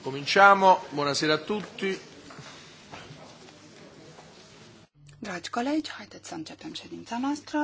Cominciamo, buonasera a tutti. Dragi colegi, haideți să începem ședința noastră.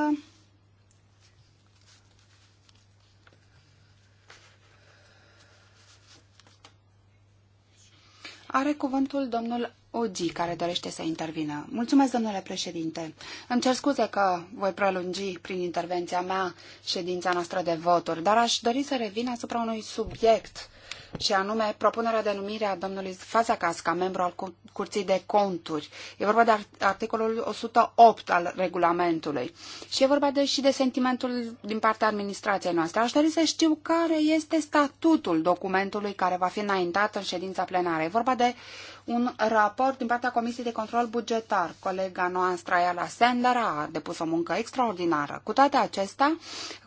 Are cuvântul domnul Ogi, care dorește să intervină. Mulțumesc, domnule președinte. Îmi cer scuze că voi prelungi prin intervenția mea ședința noastră de voturi, dar aș dori să revin asupra unui subiect și anume propunerea de numire a domnului Fazakas ca membru al Curții de Conturi. E vorba de articolul 108 al regulamentului și e vorba de, și de sentimentul din partea administrației noastre. Aș dori să știu care este statutul documentului care va fi înaintat în ședința plenară. E vorba de un raport din partea Comisiei de Control Bugetar. Colega noastră, Ayala Sender, a depus o muncă extraordinară. Cu toate acestea,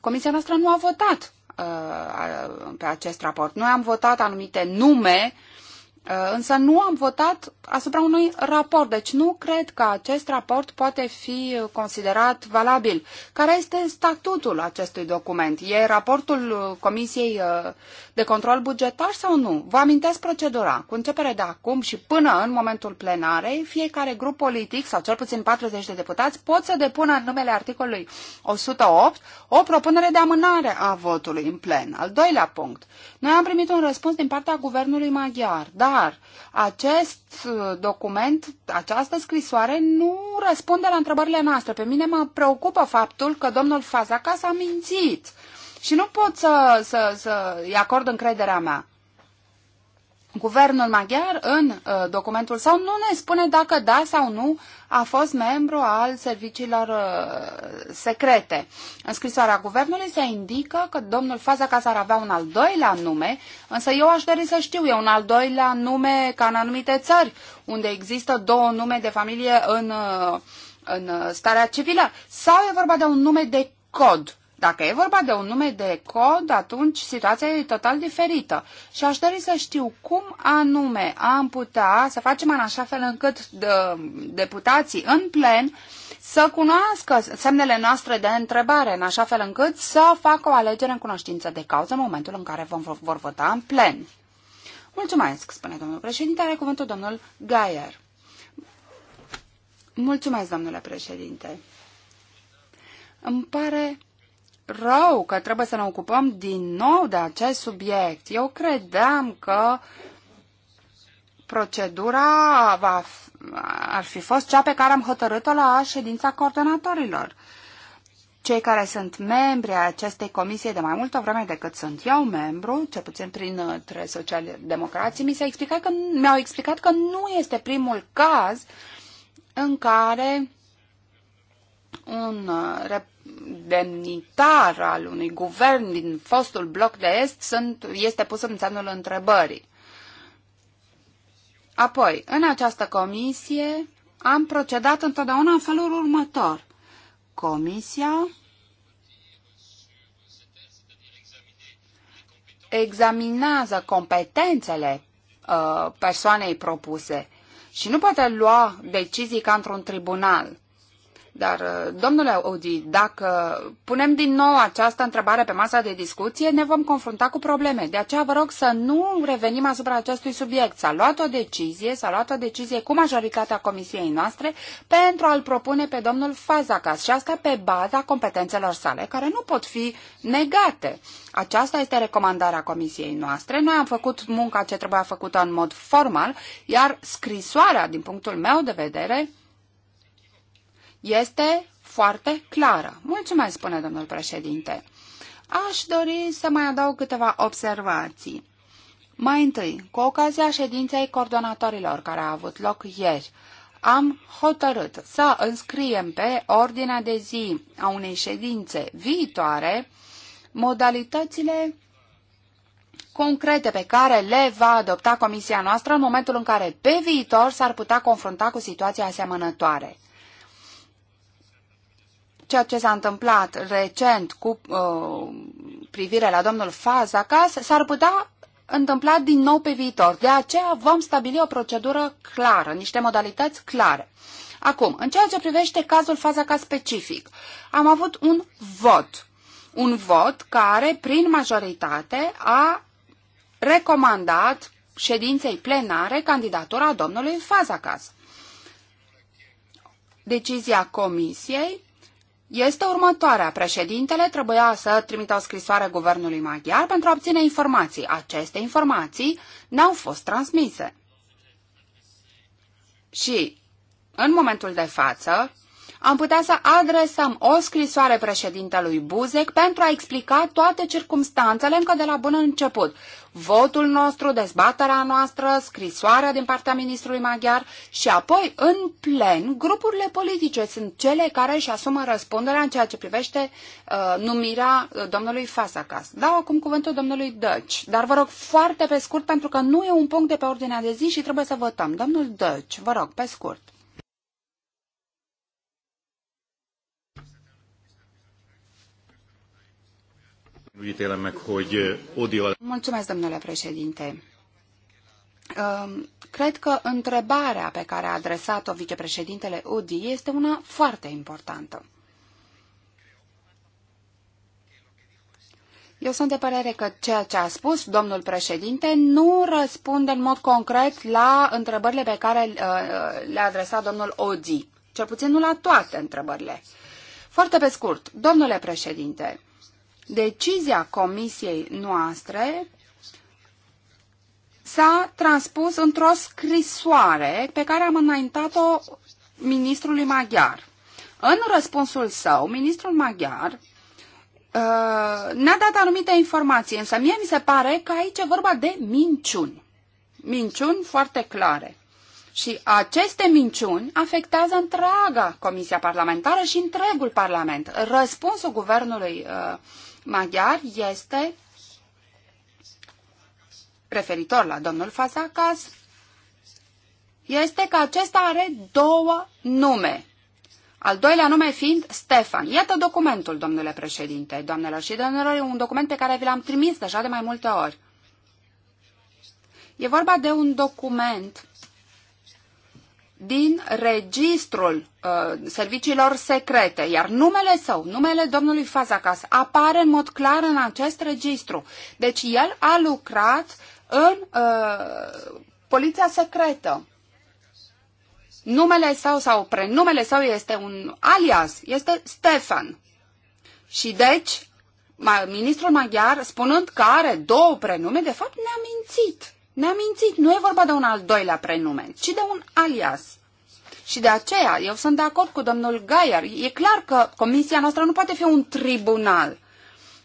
Comisia noastră nu a votat Uh, pe acest raport. Noi am votat anumite nume Uh, însă nu am votat asupra unui raport, deci nu cred că acest raport poate fi considerat valabil. Care este statutul acestui document? E raportul uh, Comisiei uh, de Control Bugetar sau nu? Vă amintesc procedura. Cu începere de acum și până în momentul plenarei, fiecare grup politic sau cel puțin 40 de deputați pot să depună în numele articolului 108 o propunere de amânare a votului în plen. Al doilea punct. Noi am primit un răspuns din partea guvernului maghiar. Da, dar acest uh, document, această scrisoare nu răspunde la întrebările noastre. Pe mine mă preocupă faptul că domnul s a mințit și nu pot să, să, să-i acord încrederea mea. Guvernul maghiar în uh, documentul său nu ne spune dacă da sau nu a fost membru al serviciilor uh, secrete. În scrisoarea guvernului se indică că domnul Fazakas ar avea un al doilea nume, însă eu aș dori să știu, e un al doilea nume ca în anumite țări, unde există două nume de familie în, uh, în starea civilă, sau e vorba de un nume de cod dacă e vorba de un nume de cod, atunci situația e total diferită. Și aș dori să știu cum anume am putea să facem în așa fel încât de, deputații în plen să cunoască semnele noastre de întrebare, în așa fel încât să facă o alegere în cunoștință de cauză în momentul în care vom, vor vota în plen. Mulțumesc, spune domnul președinte, are cuvântul domnul Gaier. Mulțumesc, domnule președinte. Îmi pare rău că trebuie să ne ocupăm din nou de acest subiect. Eu credeam că procedura va, ar fi fost cea pe care am hotărât-o la ședința coordonatorilor. Cei care sunt membri ai acestei comisie de mai multă vreme decât sunt eu membru, cel puțin prin uh, social-democrații, mi s-a explicat că, mi-au explicat că nu este primul caz în care un uh, rep demnitar al unui guvern din fostul bloc de est sunt, este pus în semnul întrebării. Apoi, în această comisie am procedat întotdeauna în felul următor. Comisia examinează competențele uh, persoanei propuse și nu poate lua decizii ca într-un tribunal. Dar, uh, domnule Audi, dacă punem din nou această întrebare pe masa de discuție, ne vom confrunta cu probleme. De aceea vă rog să nu revenim asupra acestui subiect. S-a luat o decizie, s-a luat o decizie cu majoritatea comisiei noastre pentru a-l propune pe domnul Fazakas și asta pe baza competențelor sale, care nu pot fi negate. Aceasta este recomandarea comisiei noastre. Noi am făcut munca ce trebuia făcută în mod formal, iar scrisoarea, din punctul meu de vedere, este foarte clară. Mulțumesc, spune domnul președinte. Aș dori să mai adaug câteva observații. Mai întâi, cu ocazia ședinței coordonatorilor care a avut loc ieri, am hotărât să înscriem pe ordinea de zi a unei ședințe viitoare modalitățile concrete pe care le va adopta comisia noastră în momentul în care pe viitor s-ar putea confrunta cu situații asemănătoare ceea ce s-a întâmplat recent cu uh, privire la domnul acasă, s-ar putea întâmpla din nou pe viitor. De aceea vom stabili o procedură clară, niște modalități clare. Acum, în ceea ce privește cazul ca specific, am avut un vot. Un vot care, prin majoritate, a recomandat ședinței plenare candidatura domnului Fazacas. Decizia comisiei este următoarea. Președintele trebuia să trimită o scrisoare guvernului maghiar pentru a obține informații. Aceste informații n-au fost transmise. Și, în momentul de față, am putea să adresăm o scrisoare președintelui Buzek pentru a explica toate circumstanțele încă de la bun început. Votul nostru, dezbaterea noastră, scrisoarea din partea ministrului maghiar și apoi, în plen, grupurile politice sunt cele care își asumă răspunderea în ceea ce privește uh, numirea uh, domnului Fasacas. Dau acum cuvântul domnului Dăci, dar vă rog foarte pe scurt pentru că nu e un punct de pe ordinea de zi și trebuie să votăm. Domnul Dăci, vă rog, pe scurt. Eh, Mulțumesc, domnule președinte. Ehm, cred că întrebarea pe care a adresat-o vicepreședintele Odi este una foarte importantă. Eu sunt de părere că ceea ce a spus domnul președinte nu răspunde în mod concret la întrebările pe care eh, le-a adresat domnul Odi, cel puțin nu la toate întrebările. Foarte pe scurt, domnule președinte, decizia comisiei noastre s-a transpus într-o scrisoare pe care am înaintat-o ministrului maghiar. În răspunsul său, ministrul maghiar uh, ne-a dat anumite informații, însă mie mi se pare că aici e vorba de minciuni. Minciuni foarte clare. Și aceste minciuni afectează întreaga Comisia Parlamentară și întregul Parlament. Răspunsul guvernului uh, maghiar este referitor la domnul Fasacas, este că acesta are două nume. Al doilea nume fiind Stefan. Iată documentul, domnule președinte, doamnelor și domnilor, un document pe care vi l-am trimis deja de mai multe ori. E vorba de un document din registrul uh, serviciilor secrete, iar numele său, numele domnului Fazacas, apare în mod clar în acest registru. Deci el a lucrat în uh, poliția secretă. Numele său sau prenumele său este un alias, este Stefan. Și deci, ministrul maghiar, spunând că are două prenume, de fapt ne-a mințit. Ne-a mințit, nu e vorba de un al doilea prenume, ci de un alias. Și de aceea eu sunt de acord cu domnul Gaier. E clar că comisia noastră nu poate fi un tribunal.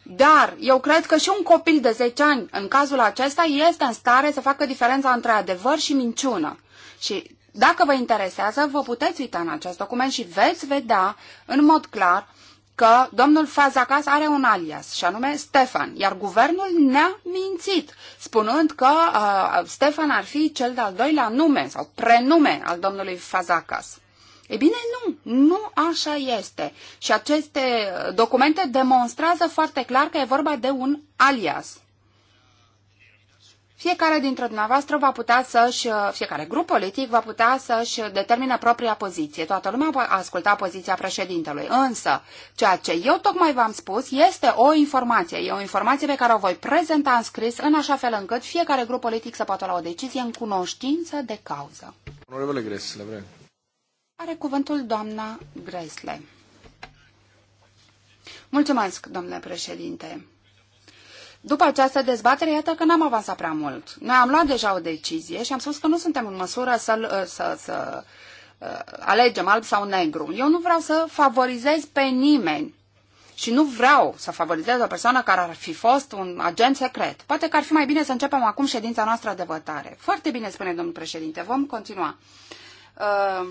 Dar eu cred că și un copil de 10 ani, în cazul acesta, este în stare să facă diferența între adevăr și minciună. Și dacă vă interesează, vă puteți uita în acest document și veți vedea în mod clar că domnul Fazakas are un alias, și anume Stefan, iar guvernul ne-a mințit, spunând că uh, Stefan ar fi cel de-al doilea nume sau prenume al domnului Fazakas. E bine, nu, nu așa este. Și aceste documente demonstrează foarte clar că e vorba de un alias. Fiecare dintre dumneavoastră va putea să-și, uh, fiecare grup politic va putea să-și determine propria poziție. Toată lumea va asculta poziția președintelui. Însă, ceea ce eu tocmai v-am spus este o informație. E o informație pe care o voi prezenta în scris în așa fel încât fiecare grup politic să poată lua o decizie în cunoștință de cauză. Onorevole Gresle, vreau. Are cuvântul doamna Gresle. Mulțumesc, domnule președinte. După această dezbatere, iată că n-am avansat prea mult. Noi am luat deja o decizie și am spus că nu suntem în măsură să, să, să uh, alegem alb sau negru. Eu nu vreau să favorizez pe nimeni și nu vreau să favorizez o persoană care ar fi fost un agent secret. Poate că ar fi mai bine să începem acum ședința noastră de votare. Foarte bine, spune domnul președinte, vom continua. Uh,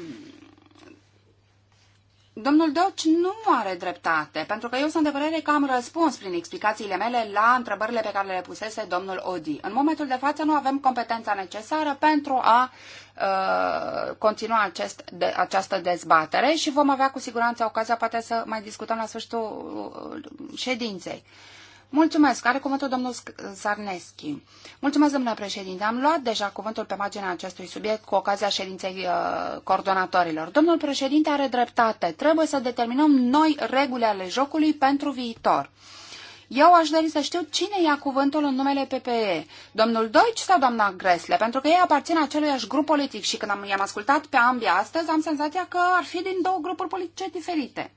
Domnul Doci nu are dreptate, pentru că eu sunt de părere că am răspuns prin explicațiile mele la întrebările pe care le pusese domnul Odi. În momentul de față nu avem competența necesară pentru a uh, continua acest, de, această dezbatere și vom avea cu siguranță ocazia poate să mai discutăm la sfârșitul uh, ședinței. Uh, Mulțumesc. Are cuvântul domnul Sarneschi. Mulțumesc, domnule președinte. Am luat deja cuvântul pe marginea acestui subiect cu ocazia ședinței uh, coordonatorilor. Domnul președinte are dreptate. Trebuie să determinăm noi regulile ale jocului pentru viitor. Eu aș dori să știu cine ia cuvântul în numele PPE, domnul Deutsch sau doamna Gresle, pentru că ei aparțin aceluiași grup politic și când am, i-am ascultat pe ambii astăzi, am senzația că ar fi din două grupuri politice diferite.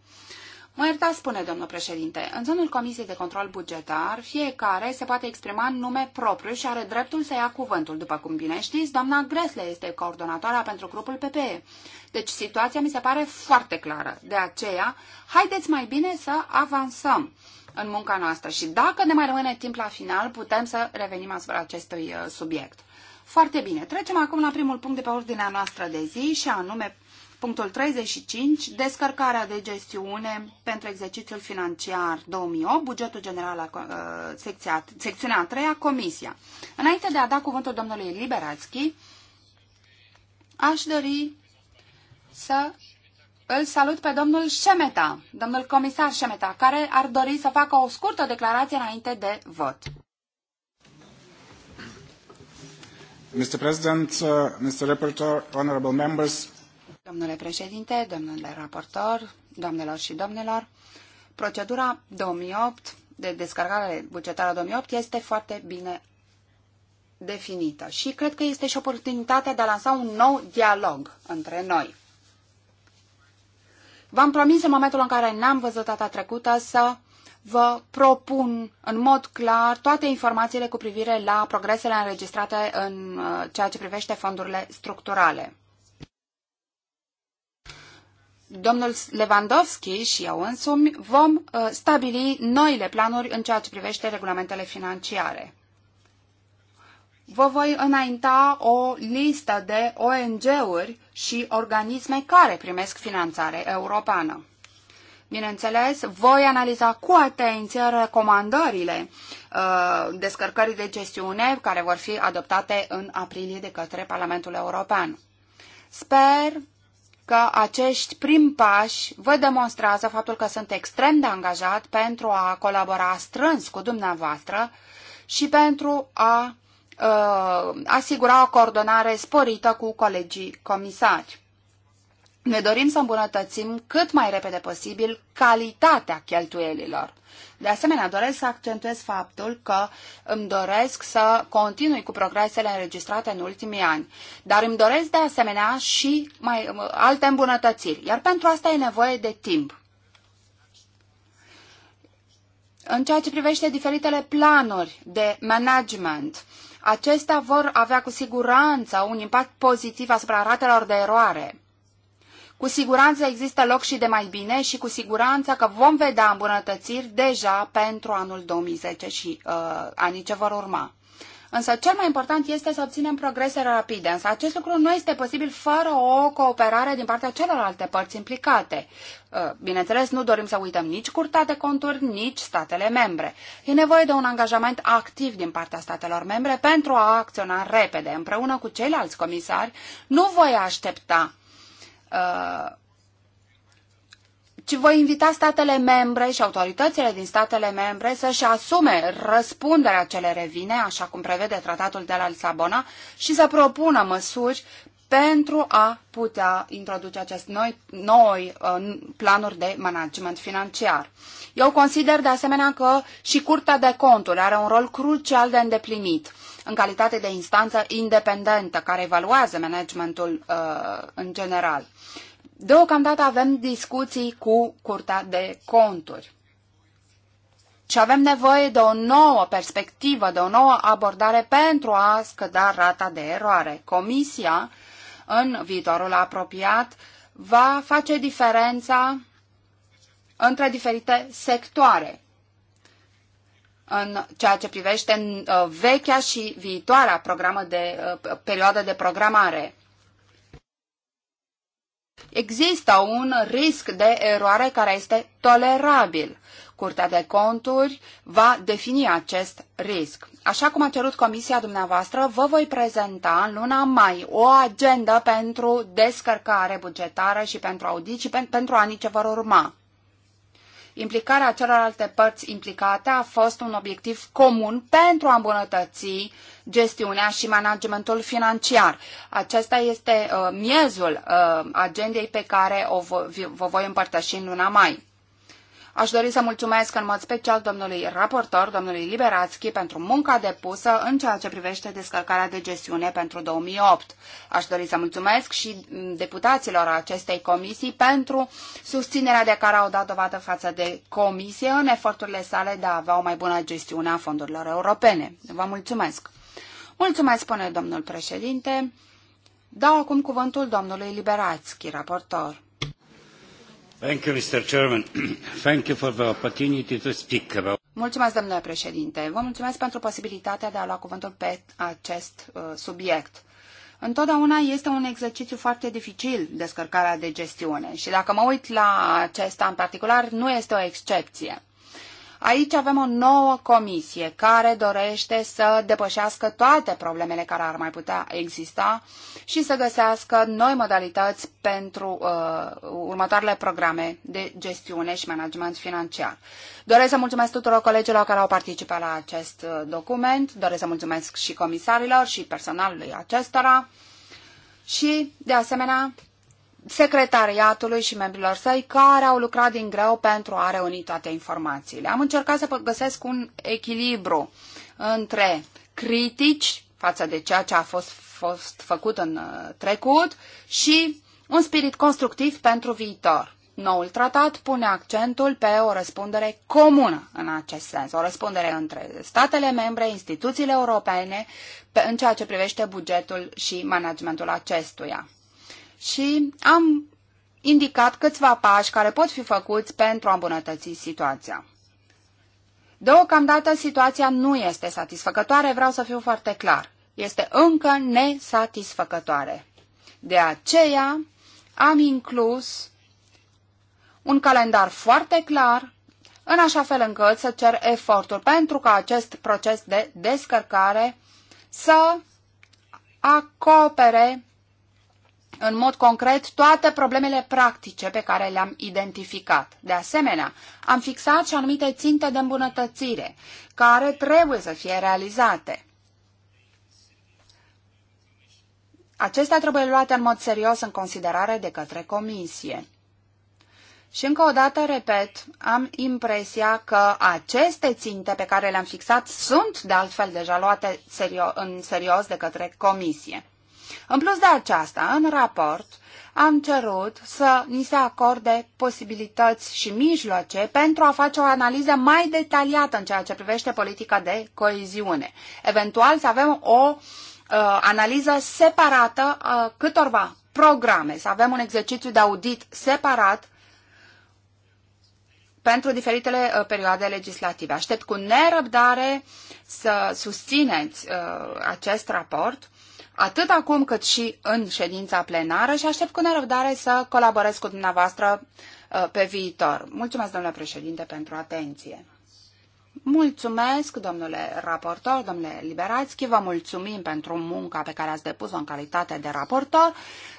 Mă iertați, spune domnul președinte, în zonul Comisiei de Control Bugetar, fiecare se poate exprima în nume propriu și are dreptul să ia cuvântul. După cum bine știți, doamna Gresle este coordonatoarea pentru grupul PPE. Deci situația mi se pare foarte clară. De aceea, haideți mai bine să avansăm în munca noastră și dacă ne mai rămâne timp la final, putem să revenim asupra acestui uh, subiect. Foarte bine, trecem acum la primul punct de pe ordinea noastră de zi și anume Punctul 35, descărcarea de gestiune pentru exercițiul financiar 2008, bugetul general, uh, secția, secțiunea a treia, comisia. Înainte de a da cuvântul domnului Liberațchi, aș dori să îl salut pe domnul Șemeta, domnul comisar Șemeta, care ar dori să facă o scurtă declarație înainte de vot. Mr. President, uh, Mr. Reporter, honorable members, Domnule președinte, domnule raportor, doamnelor și domnilor, procedura 2008 de descărcare bugetară 2008 este foarte bine definită și cred că este și oportunitatea de a lansa un nou dialog între noi. V-am promis în momentul în care n-am văzut data trecută să vă propun în mod clar toate informațiile cu privire la progresele înregistrate în uh, ceea ce privește fondurile structurale domnul Lewandowski și eu însumi vom uh, stabili noile planuri în ceea ce privește regulamentele financiare. Vă voi înainta o listă de ONG-uri și organisme care primesc finanțare europeană. Bineînțeles, voi analiza cu atenție recomandările uh, descărcării de gestiune care vor fi adoptate în aprilie de către Parlamentul European. Sper că acești prim pași vă demonstrează faptul că sunt extrem de angajat pentru a colabora strâns cu dumneavoastră și pentru a uh, asigura o coordonare sporită cu colegii comisari. Ne dorim să îmbunătățim cât mai repede posibil calitatea cheltuielilor. De asemenea, doresc să accentuez faptul că îmi doresc să continui cu progresele înregistrate în ultimii ani, dar îmi doresc de asemenea și mai, alte îmbunătățiri, iar pentru asta e nevoie de timp. În ceea ce privește diferitele planuri de management, acestea vor avea cu siguranță un impact pozitiv asupra ratelor de eroare. Cu siguranță există loc și de mai bine și cu siguranță că vom vedea îmbunătățiri deja pentru anul 2010 și uh, anii ce vor urma. Însă cel mai important este să obținem progrese rapide, însă acest lucru nu este posibil fără o cooperare din partea celorlalte părți implicate. Uh, bineînțeles, nu dorim să uităm nici curtea de conturi, nici statele membre. E nevoie de un angajament activ din partea statelor membre pentru a acționa repede. Împreună cu ceilalți comisari, nu voi aștepta Uh, ci voi invita statele membre și autoritățile din statele membre să-și asume răspunderea ce le revine, așa cum prevede tratatul de la Lisabona, și să propună măsuri pentru a putea introduce acest noi, noi uh, planuri de management financiar. Eu consider de asemenea că și Curtea de Conturi are un rol crucial de îndeplinit în calitate de instanță independentă care evaluează managementul uh, în general. Deocamdată avem discuții cu Curtea de Conturi și avem nevoie de o nouă perspectivă, de o nouă abordare pentru a scădea rata de eroare. Comisia, în viitorul apropiat, va face diferența între diferite sectoare în ceea ce privește uh, vechea și viitoarea programă de, uh, perioadă de programare. Există un risc de eroare care este tolerabil. Curtea de conturi va defini acest risc. Așa cum a cerut comisia dumneavoastră, vă voi prezenta în luna mai o agendă pentru descărcare bugetară și pentru audit și pentru anii ce vor urma. Implicarea celorlalte părți implicate a fost un obiectiv comun pentru a îmbunătăți gestiunea și managementul financiar. Acesta este uh, miezul uh, agendei pe care o vă voi împărtăși în luna mai. Aș dori să mulțumesc în mod special domnului raportor, domnului Liberațchi, pentru munca depusă în ceea ce privește descărcarea de gestiune pentru 2008. Aș dori să mulțumesc și mm, deputaților acestei comisii pentru susținerea de care au dat dovadă față de comisie în eforturile sale de a avea o mai bună gestiune a fondurilor europene. Vă mulțumesc! Mulțumesc, spune domnul președinte. Dau acum cuvântul domnului Liberațchi, raportor. Mulțumesc, domnule președinte. Vă mulțumesc pentru posibilitatea de a lua cuvântul pe acest uh, subiect. Întotdeauna este un exercițiu foarte dificil descărcarea de gestiune și dacă mă uit la acesta în particular, nu este o excepție. Aici avem o nouă comisie care dorește să depășească toate problemele care ar mai putea exista și să găsească noi modalități pentru uh, următoarele programe de gestiune și management financiar. Doresc să mulțumesc tuturor colegilor care au participat la acest uh, document, doresc să mulțumesc și comisarilor și personalului acestora și, de asemenea, secretariatului și membrilor săi care au lucrat din greu pentru a reuni toate informațiile. Am încercat să găsesc un echilibru între critici față de ceea ce a fost, fost făcut în uh, trecut și un spirit constructiv pentru viitor. Noul tratat pune accentul pe o răspundere comună în acest sens, o răspundere între statele membre, instituțiile europene, în ceea ce privește bugetul și managementul acestuia și am indicat câțiva pași care pot fi făcuți pentru a îmbunătăți situația. Deocamdată situația nu este satisfăcătoare, vreau să fiu foarte clar. Este încă nesatisfăcătoare. De aceea am inclus un calendar foarte clar, în așa fel încât să cer eforturi pentru ca acest proces de descărcare să acopere în mod concret toate problemele practice pe care le-am identificat. De asemenea, am fixat și anumite ținte de îmbunătățire care trebuie să fie realizate. Acestea trebuie luate în mod serios în considerare de către comisie. Și încă o dată, repet, am impresia că aceste ținte pe care le-am fixat sunt de altfel deja luate serio- în serios de către comisie. În plus de aceasta, în raport, am cerut să ni se acorde posibilități și mijloace pentru a face o analiză mai detaliată în ceea ce privește politica de coeziune. Eventual să avem o uh, analiză separată uh, câtorva programe, să avem un exercițiu de audit separat pentru diferitele uh, perioade legislative. Aștept cu nerăbdare să susțineți uh, acest raport atât acum cât și în ședința plenară și aștept cu nerăbdare să colaborez cu dumneavoastră uh, pe viitor. Mulțumesc, domnule președinte, pentru atenție. Mulțumesc, domnule raportor, domnule Liberațchi, vă mulțumim pentru munca pe care ați depus-o în calitate de raportor.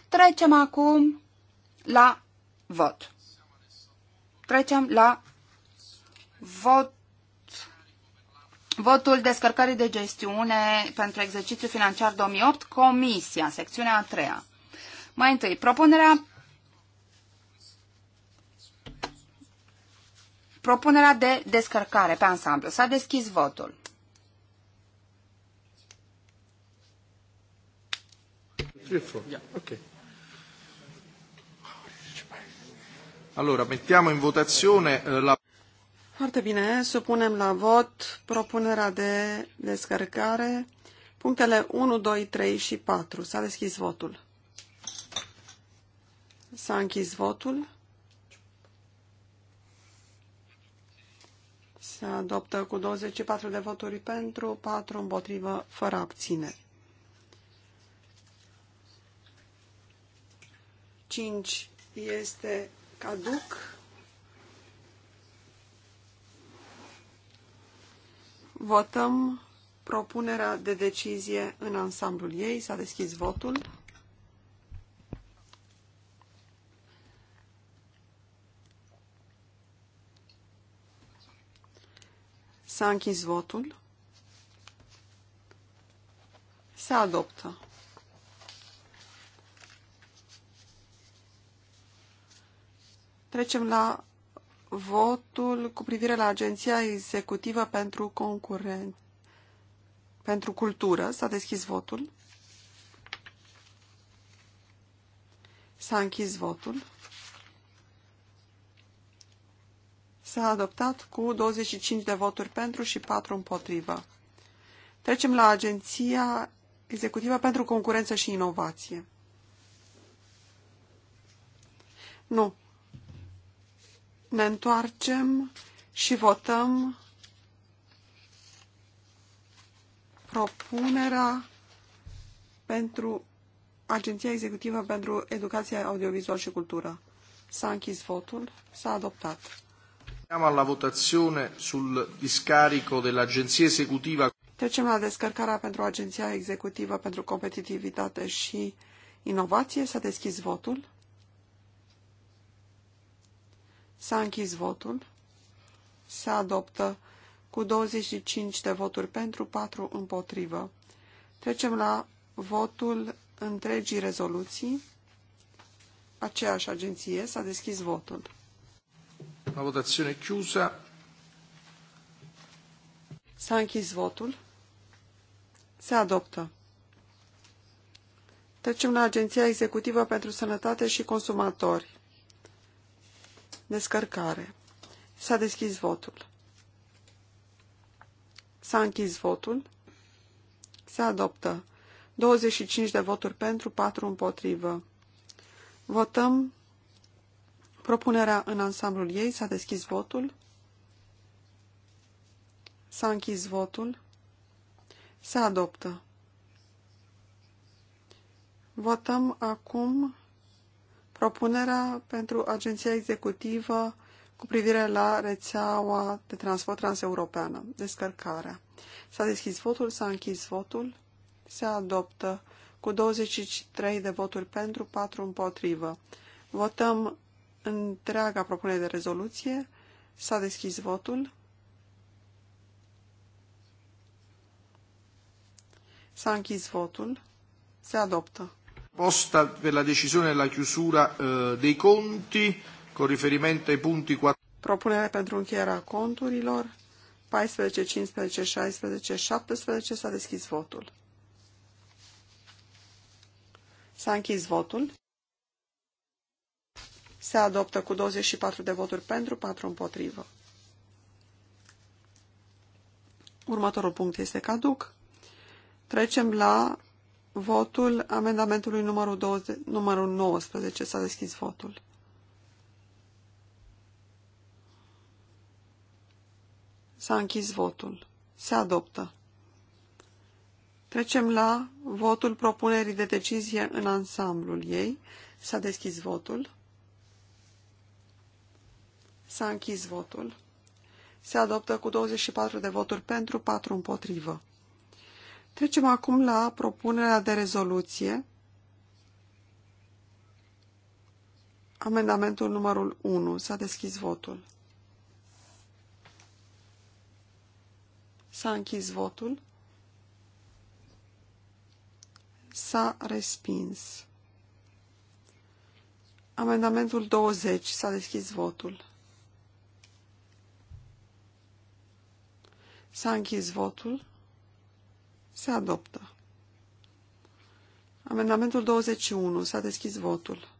Trecem acum la vot. Trecem la vot Votul descărcării de gestiune pentru exercițiul financiar 2008, Comisia, secțiunea a treia. Mai întâi, propunerea propunerea de descărcare pe ansamblu. S-a deschis votul. Allora, mettiamo in votazione eh, la... Foarte bine, supunem la vot propunerea de descărcare, punctele 1, 2, 3 și 4. S-a deschis votul. S-a închis votul. Se adoptă cu 24 de voturi pentru, 4 împotrivă, fără abține. 5 este caduc. Votăm propunerea de decizie în ansamblul ei. S-a deschis votul. S-a închis votul. Se adoptă. Trecem la votul cu privire la Agenția Executivă pentru Concurent pentru Cultură. S-a deschis votul. S-a închis votul. S-a adoptat cu 25 de voturi pentru și 4 împotrivă. Trecem la Agenția Executivă pentru Concurență și Inovație. Nu, ne întoarcem și votăm propunerea pentru Agenția Executivă pentru Educație, Audiovizual și Cultură. S-a închis votul, s-a adoptat. Siamo alla votazione sul discarico dell'Agenzia Esecutiva. Trecem la descărcarea pentru Agenția Executivă pentru Competitivitate și Inovație. S-a deschis votul. S-a închis votul. Se adoptă cu 25 de voturi pentru, 4 împotrivă. Trecem la votul întregii rezoluții. Aceeași agenție s-a deschis votul. La votazione chiusă. S-a închis votul. Se adoptă. Trecem la Agenția Executivă pentru Sănătate și Consumatori. Descărcare. S-a deschis votul. S-a închis votul. Se adoptă. 25 de voturi pentru, 4 împotrivă. Votăm propunerea în ansamblul ei. S-a deschis votul. S-a închis votul. Se adoptă. Votăm acum propunerea pentru agenția executivă cu privire la rețeaua de transport transeuropeană, descărcarea. S-a deschis votul, s-a închis votul, se adoptă cu 23 de voturi pentru, 4 împotrivă. Votăm întreaga propunere de rezoluție, s-a deschis votul, s-a închis votul, se adoptă proposta per la decisione della chiusura eh, dei conti con riferimento ai punti 4. Propunere pentru încheierea conturilor 14, 15, 16, 17 s-a deschis votul. S-a închis votul. Se adoptă cu 24 de voturi pentru, 4 împotrivă. Următorul punct este caduc. Trecem la votul amendamentului numărul, 20, numărul 19. S-a deschis votul. S-a închis votul. Se adoptă. Trecem la votul propunerii de decizie în ansamblul ei. S-a deschis votul. S-a închis votul. Se adoptă cu 24 de voturi pentru, 4 împotrivă. Trecem acum la propunerea de rezoluție. Amendamentul numărul 1. S-a deschis votul. S-a închis votul. S-a respins. Amendamentul 20. S-a deschis votul. S-a închis votul. Se adoptă. Amendamentul 21. S-a deschis votul.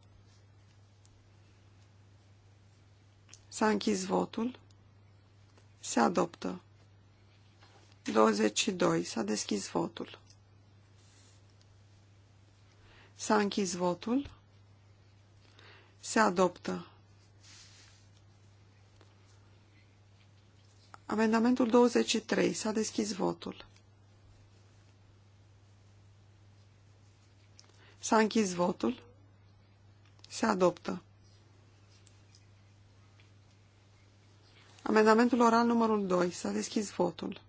S-a închis votul. Se adoptă. 22. S-a deschis votul. S-a închis votul. Se adoptă. Amendamentul 23. S-a deschis votul. S-a închis votul. Se adoptă. Amendamentul oral numărul 2. S-a deschis votul.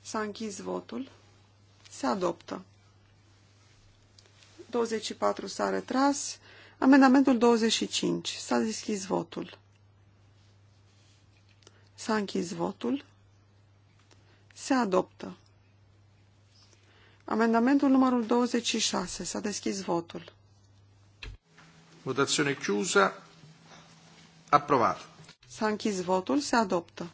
S-a închis votul. Se adoptă. 24 s-a retras. Amendamentul 25. S-a deschis votul. S-a închis votul. Se adoptă. Amendamentul numărul 26. S-a deschis votul. Votazione chiusa. Approvato. S-a închis votul. Se adoptă.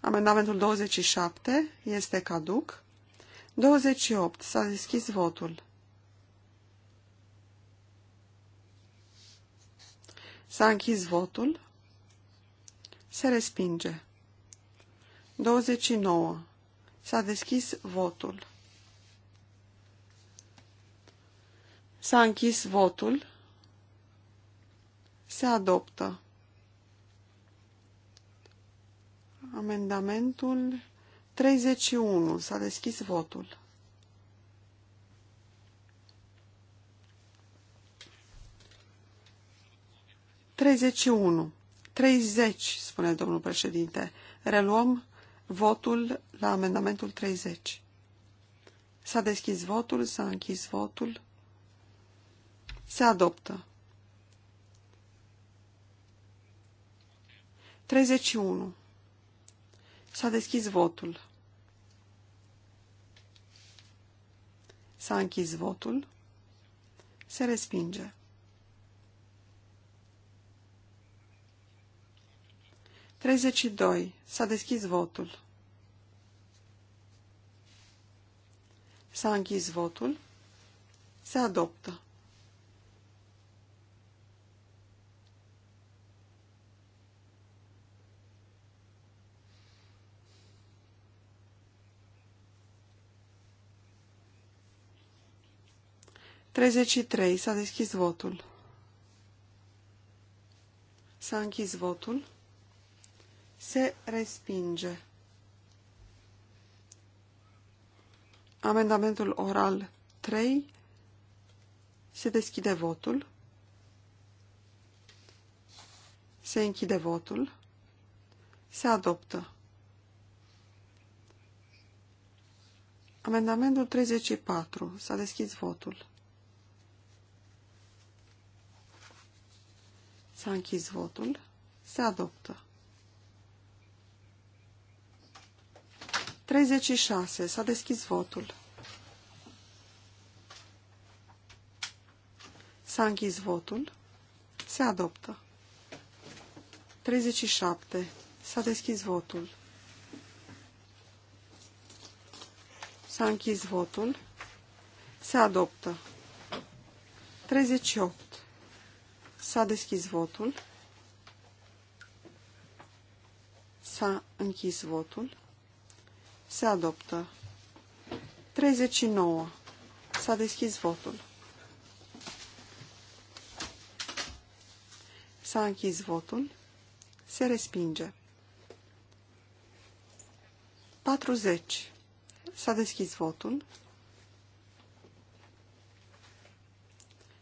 Amendamentul 27 este caduc. 28. S-a deschis votul. S-a închis votul. Se respinge. 29. S-a deschis votul. S-a închis votul. Se adoptă. Amendamentul 31. S-a deschis votul. Treizeci unu. Treizeci, spune domnul președinte. Reluăm votul la amendamentul 30. S-a deschis votul, s-a închis votul. Se adoptă. 31. S-a deschis votul. S-a închis votul. Se respinge. 32. S-a deschis votul. S-a închis votul. Se adoptă. Treizeci trei. S-a deschis votul. S-a închis votul se respinge. Amendamentul oral 3 se deschide votul. Se închide votul. Se adoptă. Amendamentul 34. S-a deschis votul. S-a închis votul. Se adoptă. 36. S-a deschis votul. S-a închis votul. Se adoptă. 37. S-a deschis votul. S-a închis votul. Se adoptă. 38. S-a deschis votul. S-a închis votul. Se adoptă. 39. S-a deschis votul. S-a închis votul. Se respinge. 40. S-a deschis votul.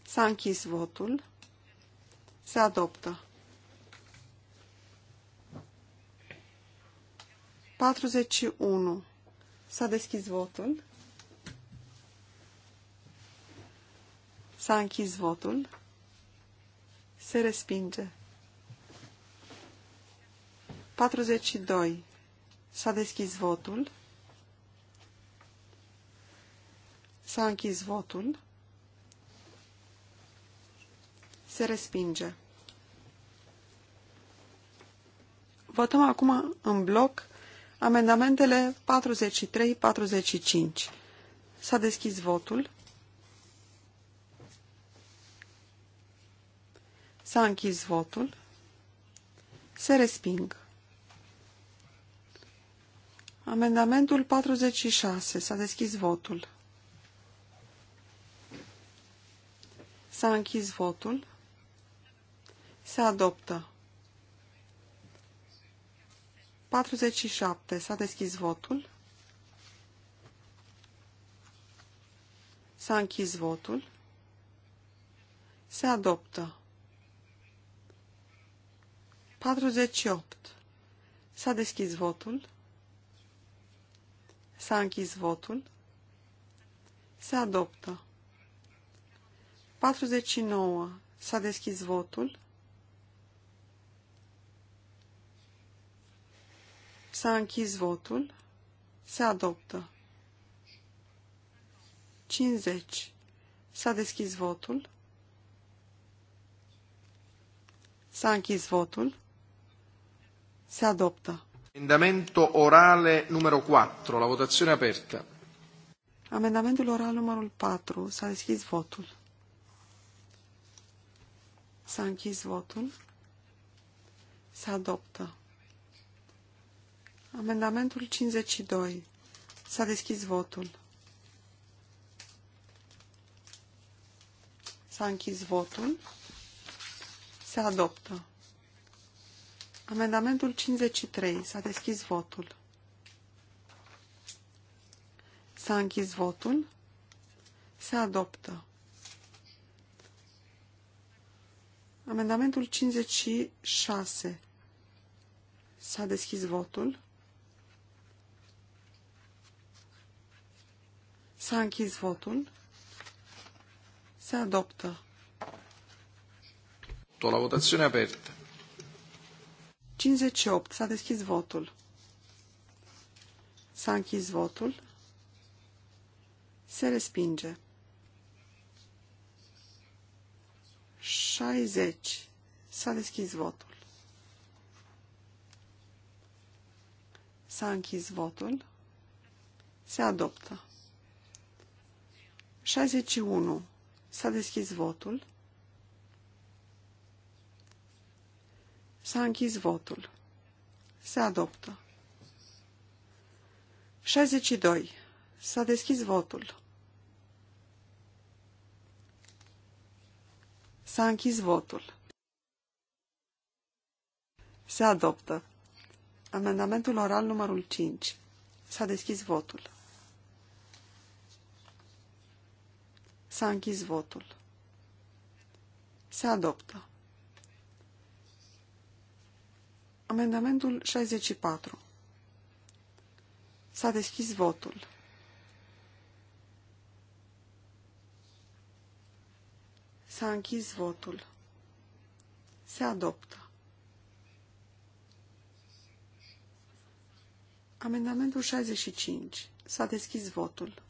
S-a închis votul. Se adoptă. 41. S-a deschis votul. S-a închis votul. Se respinge. 42. S-a deschis votul. S-a închis votul. Se respinge. Votăm acum în bloc Amendamentele 43-45. S-a deschis votul. S-a închis votul. Se resping. Amendamentul 46. S-a deschis votul. S-a închis votul. Se adoptă. 47. S-a deschis votul. S-a închis votul. Se adoptă. 48. S-a deschis votul. S-a închis votul. Se adoptă. 49. S-a deschis votul. S-a închis votul. Se adoptă. 50. S-a deschis votul. S-a închis votul. Se adoptă. Emendamento orale numărul 4. La votazione aperta. Amendamentul oral numărul 4. S-a deschis votul. S-a închis votul. Se adoptă. Amendamentul 52. S-a deschis votul. S-a închis votul. Se adoptă. Amendamentul 53. S-a deschis votul. S-a închis votul. Se adoptă. Amendamentul 56. S-a deschis votul. S-a închis votul. Se adoptă. Tot la votațiune apertă. 58. S-a deschis votul. S-a închis votul. Se respinge. 60. S-a deschis votul. S-a închis votul. Se adoptă. 61. S-a deschis votul. S-a închis votul. Se adoptă. 62. S-a deschis votul. S-a închis votul. Se adoptă. Amendamentul oral numărul 5. S-a deschis votul. S-a închis votul. Se adoptă. Amendamentul 64. S-a deschis votul. S-a închis votul. Se adoptă. Amendamentul 65. S-a deschis votul.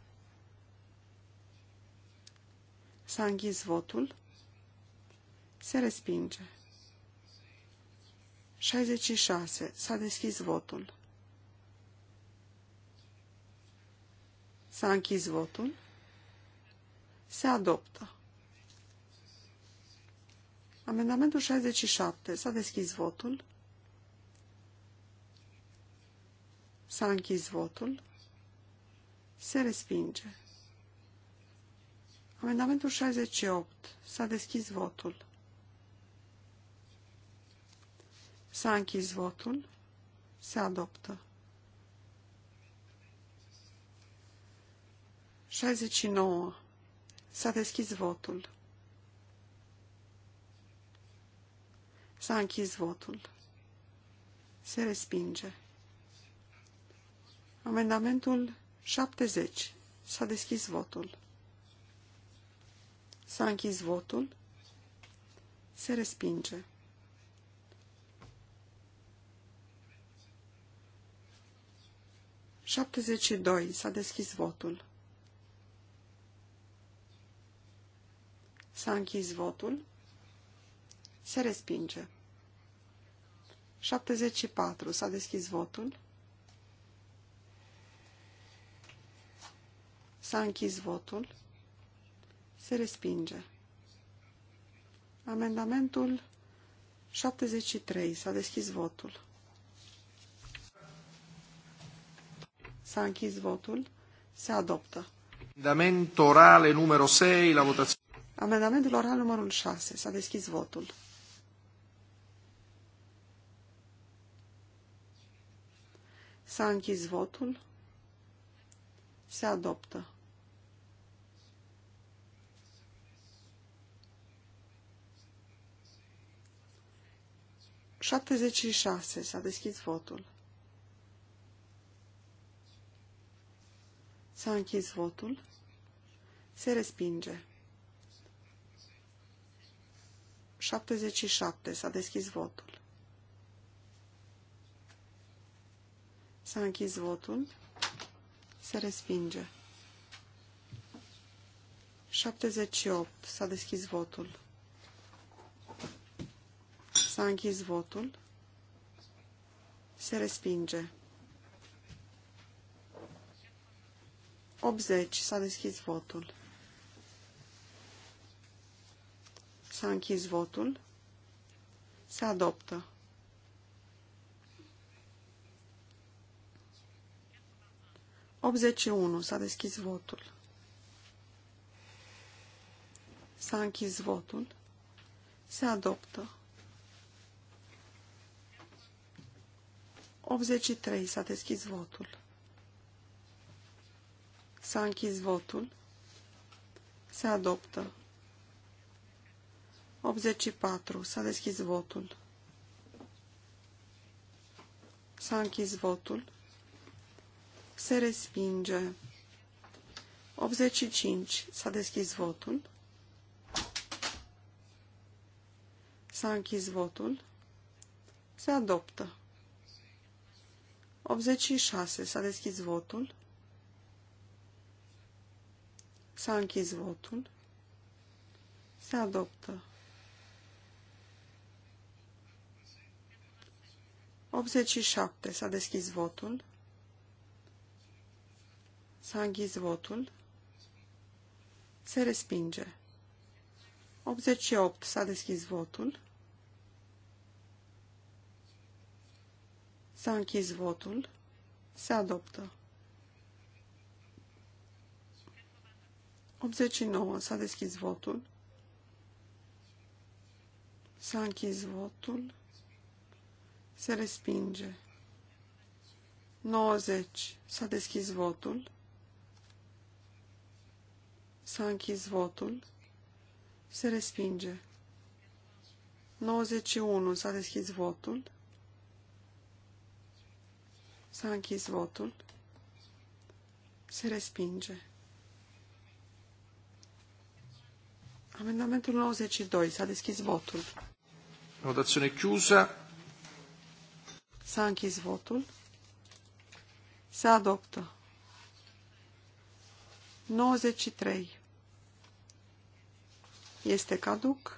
S-a închis votul. Se respinge. 66. S-a deschis votul. S-a închis votul. Se adoptă. Amendamentul 67. S-a deschis votul. S-a închis votul. Se respinge. Amendamentul 68. S-a deschis votul. S-a închis votul. Se adoptă. 69. S-a deschis votul. S-a închis votul. Se respinge. Amendamentul 70. S-a deschis votul. S-a închis votul. Se respinge. Șaptezeci doi. S-a deschis votul. S-a închis votul. Se respinge. 74. S-a deschis votul. S-a închis votul. Se respinge. Amendamentul 73. S-a deschis votul. S-a închis votul. Se adoptă. Amendament orale numărul 6 la votație. Amendamentul oral numărul 6. S-a deschis votul. S-a închis votul. Se adoptă. 76. S-a deschis votul. S-a închis votul. Se respinge. 77. S-a deschis votul. S-a închis votul. Se respinge. 78. S-a deschis votul. S-a închis votul. Se respinge. 80. S-a deschis votul. S-a închis votul. Se adoptă. 81. S-a deschis votul. S-a închis votul. Se adoptă. 83. S-a deschis votul. S-a închis votul. Se adoptă. 84. S-a deschis votul. S-a închis votul. Se respinge. 85. S-a deschis votul. S-a închis votul. Se adoptă. 86. S-a deschis votul. S-a închis votul. Se adoptă. 87. S-a deschis votul. S-a închis votul. Se respinge. 88. S-a deschis votul. S-a închis votul. Se adoptă. 89. S-a deschis votul. S-a închis votul. Se respinge. 90. S-a deschis votul. S-a închis votul. Se respinge. 91. S-a deschis votul. S-a închis votul. Se respinge. Amendamentul 92. S-a deschis votul. Votazione chiusa. S-a închis votul. Se adoptă. 93. Este caduc.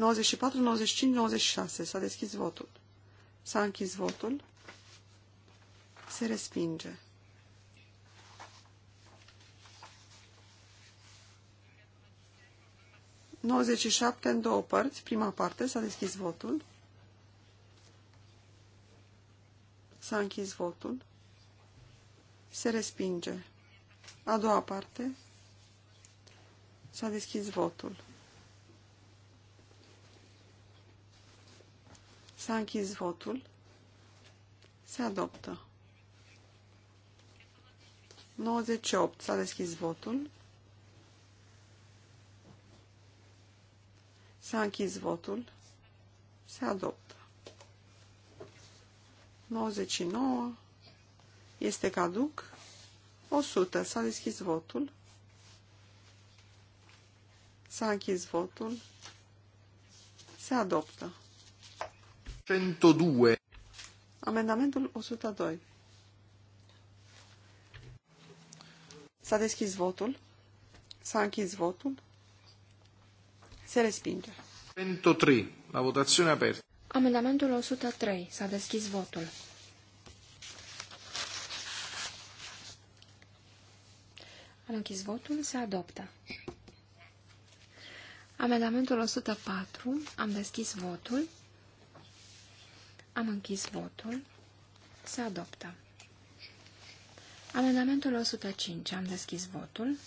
94, 95, 96. S-a deschis votul. S-a închis votul. Se respinge. Nouăzeci în două părți. Prima parte s-a deschis votul. S-a închis votul. Se respinge. A doua parte s-a deschis votul. S-a închis votul. Se adoptă. 98. S-a deschis votul. S-a închis votul. Se adoptă. 99. Este caduc. 100. S-a deschis votul. S-a închis votul. Se adoptă. 102. Amendamentul 102. S-a deschis votul. S-a închis votul. Se respinge. 103. La votazione aperta. Amendamentul 103. S-a deschis votul. Am închis votul. Se adoptă. Amendamentul 104. Am deschis votul. Am închis votul. Se adoptă. Amendamentul 105. Am deschis votul.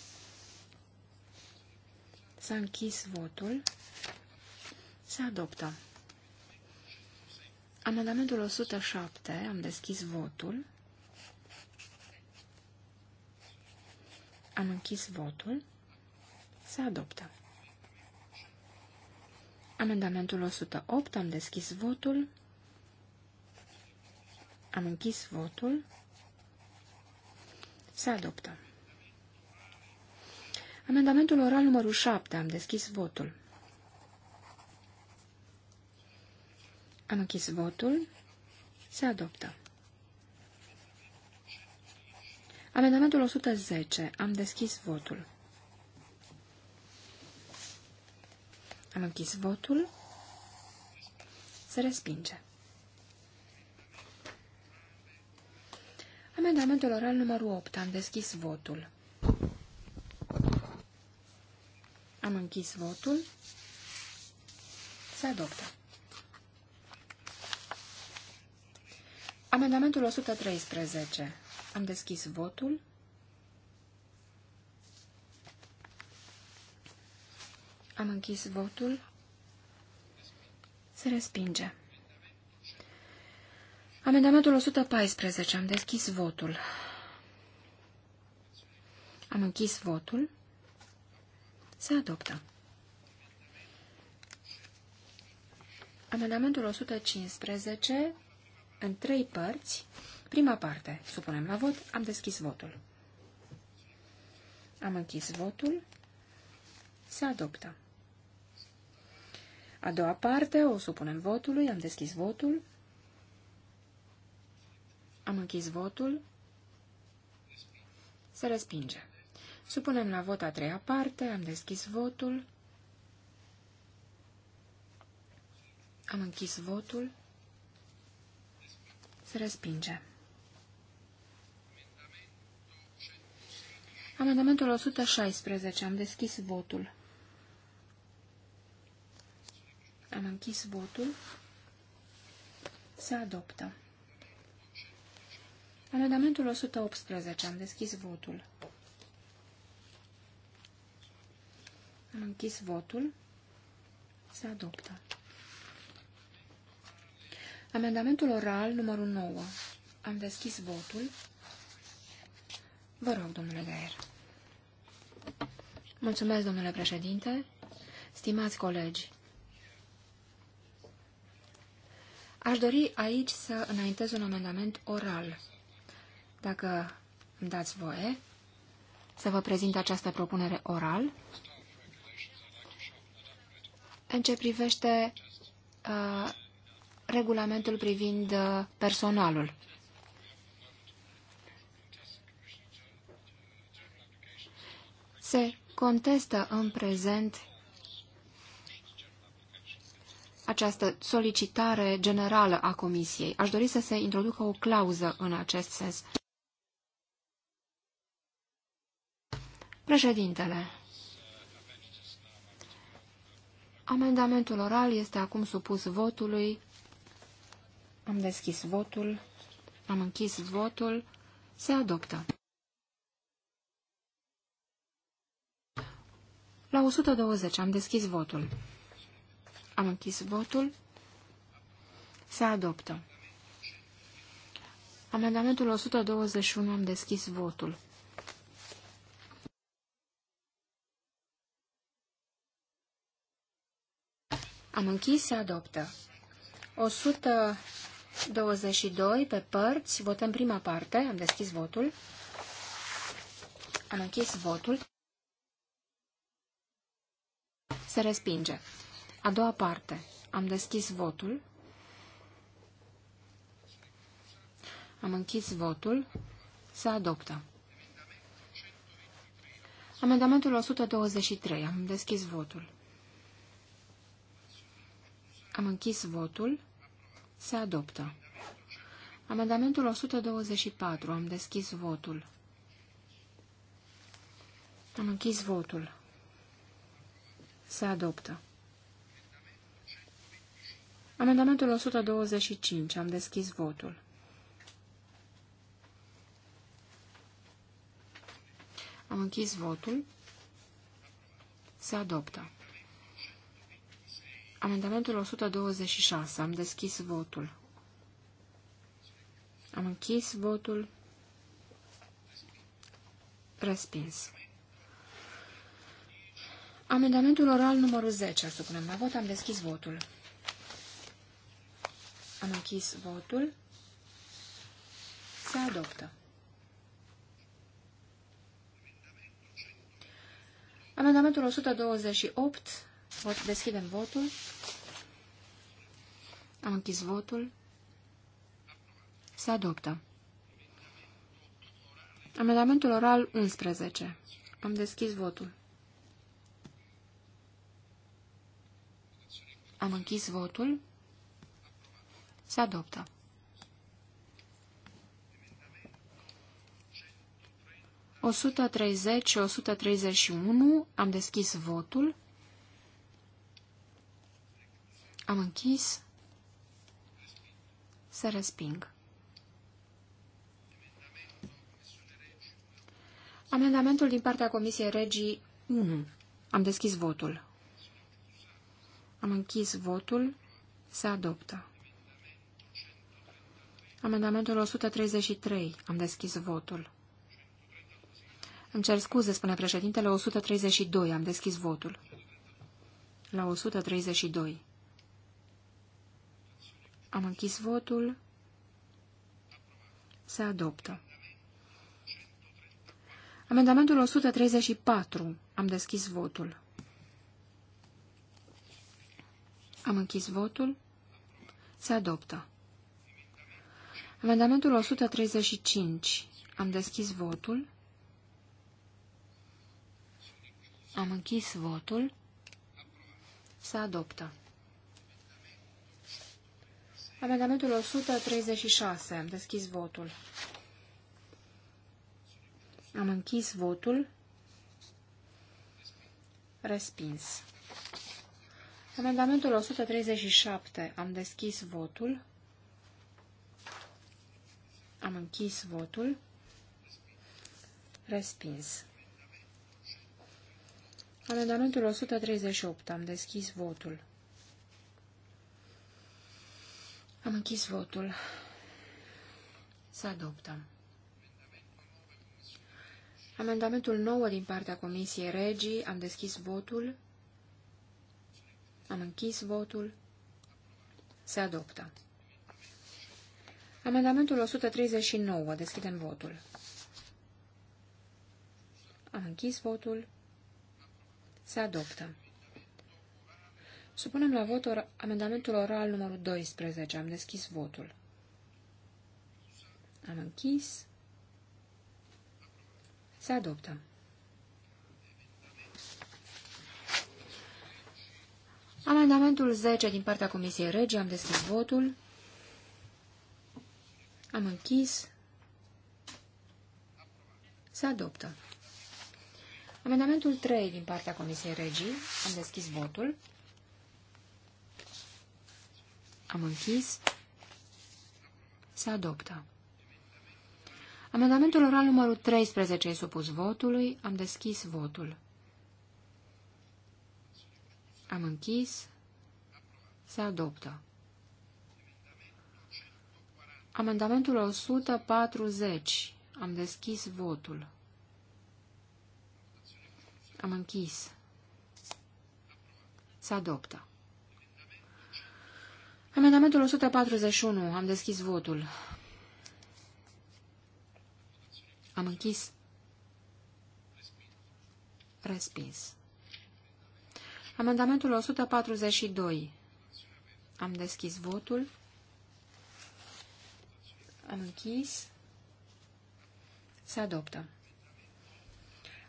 S-a închis votul. Se adoptă. Amendamentul 107. Am deschis votul. Am închis votul. Se adoptă. Amendamentul 108. Am deschis votul. Am închis votul. Se adoptă. Amendamentul oral numărul 7. Am deschis votul. Am închis votul. Se adoptă. Amendamentul 110. Am deschis votul. Am închis votul. Se respinge. Amendamentul oral numărul 8. Am deschis votul. Am închis votul. Se adoptă. Amendamentul 113. Am deschis votul. Am închis votul. Se respinge. Amendamentul 114. Am deschis votul. Am închis votul. Se adoptă. Amendamentul 115 în trei părți. Prima parte, supunem la vot, am deschis votul. Am închis votul. Se adoptă. A doua parte, o supunem votului, am deschis votul. Am închis votul. Se respinge. Supunem la vot a treia parte. Am deschis votul. Am închis votul. Se respinge. Amendamentul 116. Am deschis votul. Am închis votul. Se adoptă. Amendamentul 118. Am deschis votul. Am închis votul. Se adoptă. Amendamentul oral numărul 9. Am deschis votul. Vă rog, domnule Gaer. Mulțumesc, domnule președinte. Stimați colegi, aș dori aici să înaintez un amendament oral dacă îmi dați voie, să vă prezint această propunere oral. În ce privește uh, regulamentul privind uh, personalul. Se contestă în prezent această solicitare generală a Comisiei. Aș dori să se introducă o clauză în acest sens. Președintele, amendamentul oral este acum supus votului. Am deschis votul. Am închis votul. Se adoptă. La 120 am deschis votul. Am închis votul. Se adoptă. Amendamentul 121 am deschis votul. Am închis, se adoptă. 122 pe părți, votăm prima parte, am deschis votul. Am închis votul. Se respinge. A doua parte. Am deschis votul. Am închis votul. Se adoptă. Amendamentul 123. Am deschis votul. Am închis votul. Se adoptă. Amendamentul 124. Am deschis votul. Am închis votul. Se adoptă. Amendamentul 125. Am deschis votul. Am închis votul. Se adoptă. Amendamentul 126. Am deschis votul. Am închis votul. Respins. Amendamentul oral numărul 10. Să punem la vot. Am deschis votul. Am închis votul. Se adoptă. Amendamentul 128 Vot, deschidem votul. Am închis votul. Se adoptă. Amendamentul oral 11. Am deschis votul. Am închis votul. Se adoptă. O 130 și 131. Am deschis votul. Am închis. Să resping. Amendamentul din partea Comisiei Regii 1. Am deschis votul. Am închis votul. Se adoptă. Amendamentul 133. Am deschis votul. Îmi cer scuze, spune președintele, 132. Am deschis votul. La 132. Am închis votul. Se adoptă. Amendamentul 134. Am deschis votul. Am închis votul. Se adoptă. Amendamentul 135. Am deschis votul. Am închis votul. Se adoptă. Amendamentul 136. Am deschis votul. Am închis votul. Respins. Amendamentul 137. Am deschis votul. Am închis votul. Respins. Amendamentul 138. Am deschis votul. Am închis votul. Se adoptă. Amendamentul 9 din partea Comisiei Regii. Am deschis votul. Am închis votul. Se adoptă. Amendamentul 139. Deschidem votul. Am închis votul. Se adoptă. Supunem la vot or amendamentul oral numărul 12. Am deschis votul. Am închis. Se adoptă. Amendamentul 10 din partea Comisiei Regii. Am deschis votul. Am închis. Se adoptă. Amendamentul 3 din partea Comisiei Regii. Am deschis votul. Am închis. Se adoptă. Amendamentul oral numărul 13 e supus votului. Am deschis votul. Am închis. Se adoptă. Amendamentul 140. Am deschis votul. Am închis. Se adoptă. Amendamentul 141. Am deschis votul. Am închis. Respins. Amendamentul 142. Am deschis votul. Am închis. Se adoptă.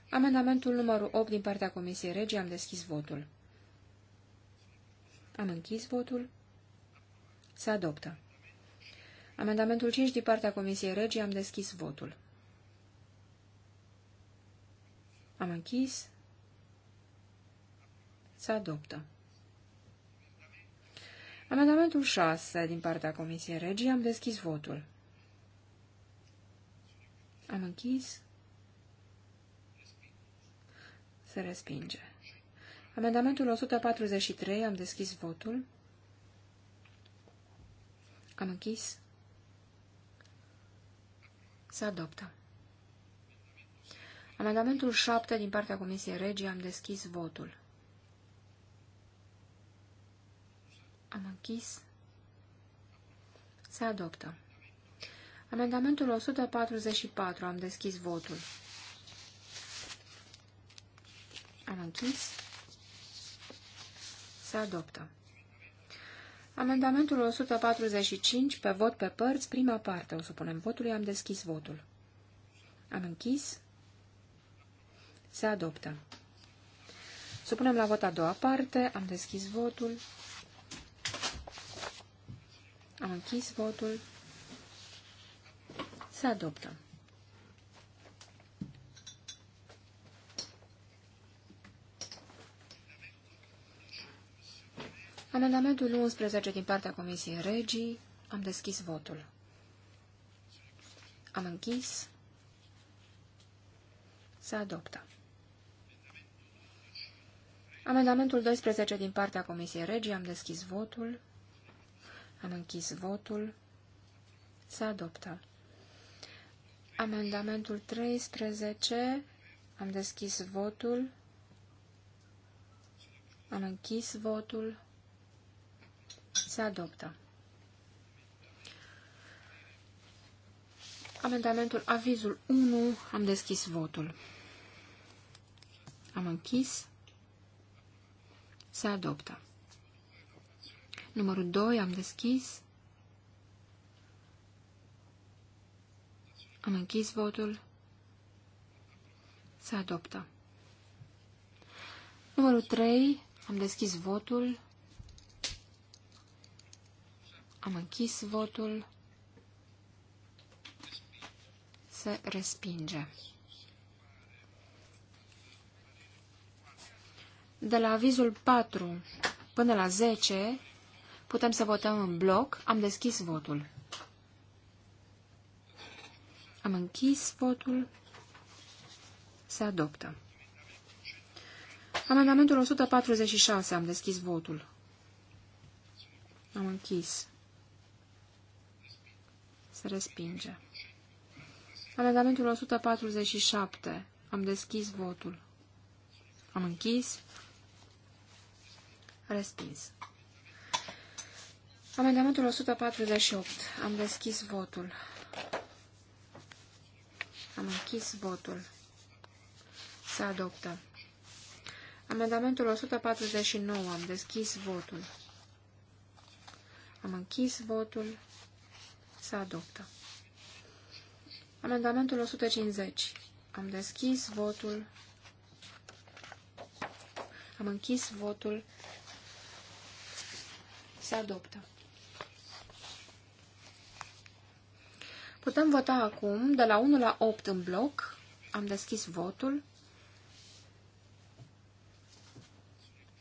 Amendamentul numărul 8 din partea Comisiei Regii. Am deschis votul. Am închis votul. Se adoptă. Amendamentul 5 din partea Comisiei Regii am deschis votul. Am închis. Se adoptă. Amendamentul 6 din partea Comisiei Regii am deschis votul. Am închis. Se respinge. Amendamentul 143 am deschis votul. Am închis. Se adoptă. Amendamentul 7 din partea Comisiei Regii am deschis votul. Am închis. Se adoptă. Amendamentul 144. Am deschis votul. Am închis. Se adoptă. Amendamentul 145, pe vot pe părți, prima parte. O supunem votului, am deschis votul. Am închis. Se adoptă. Supunem la vot a doua parte, am deschis votul. Am închis votul. Se adoptă. Amendamentul 11 din partea Comisiei Regii. Am deschis votul. Am închis. Se adoptă. Amendamentul 12 din partea Comisiei Regii. Am deschis votul. Am închis votul. Se adoptă. Amendamentul 13. Am deschis votul. Am închis votul. Se adoptă. Amendamentul avizul 1. Am deschis votul. Am închis. Se adoptă. Numărul 2. Am deschis. Am închis votul. Se adoptă. Numărul 3. Am deschis votul. Am închis votul. Se respinge. De la avizul 4 până la 10 putem să votăm în bloc. Am deschis votul. Am închis votul. Se adoptă. Amendamentul 146. Am deschis votul. Am închis. Se respinge. Amendamentul 147. Am deschis votul. Am închis. Respins. Amendamentul 148. Am deschis votul. Am închis votul. Se adoptă. Amendamentul 149. Am deschis votul. Am închis votul. Se adoptă. Amendamentul 150. Am deschis votul. Am închis votul. Se adoptă. Putem vota acum de la 1 la 8 în bloc. Am deschis votul.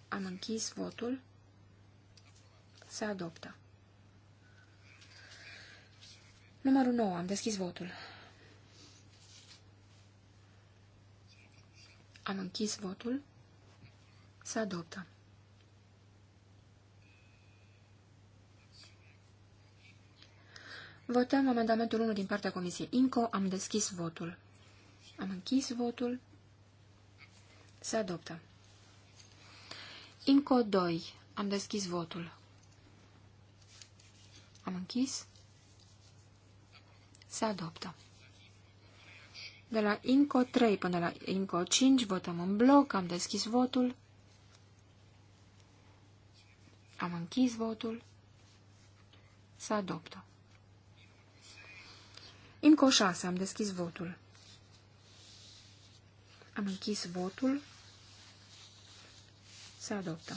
Am închis votul. Se adoptă. Numărul 9. Am deschis votul. Am închis votul. Se adoptă. Votăm amendamentul 1 din partea Comisiei INCO. Am deschis votul. Am închis votul. Se adoptă. INCO 2. Am deschis votul. Am închis se adoptă. De la INCO 3 până la INCO 5 votăm în bloc, am deschis votul, am închis votul, se adoptă. INCO 6 am deschis votul, am închis votul, se adoptă.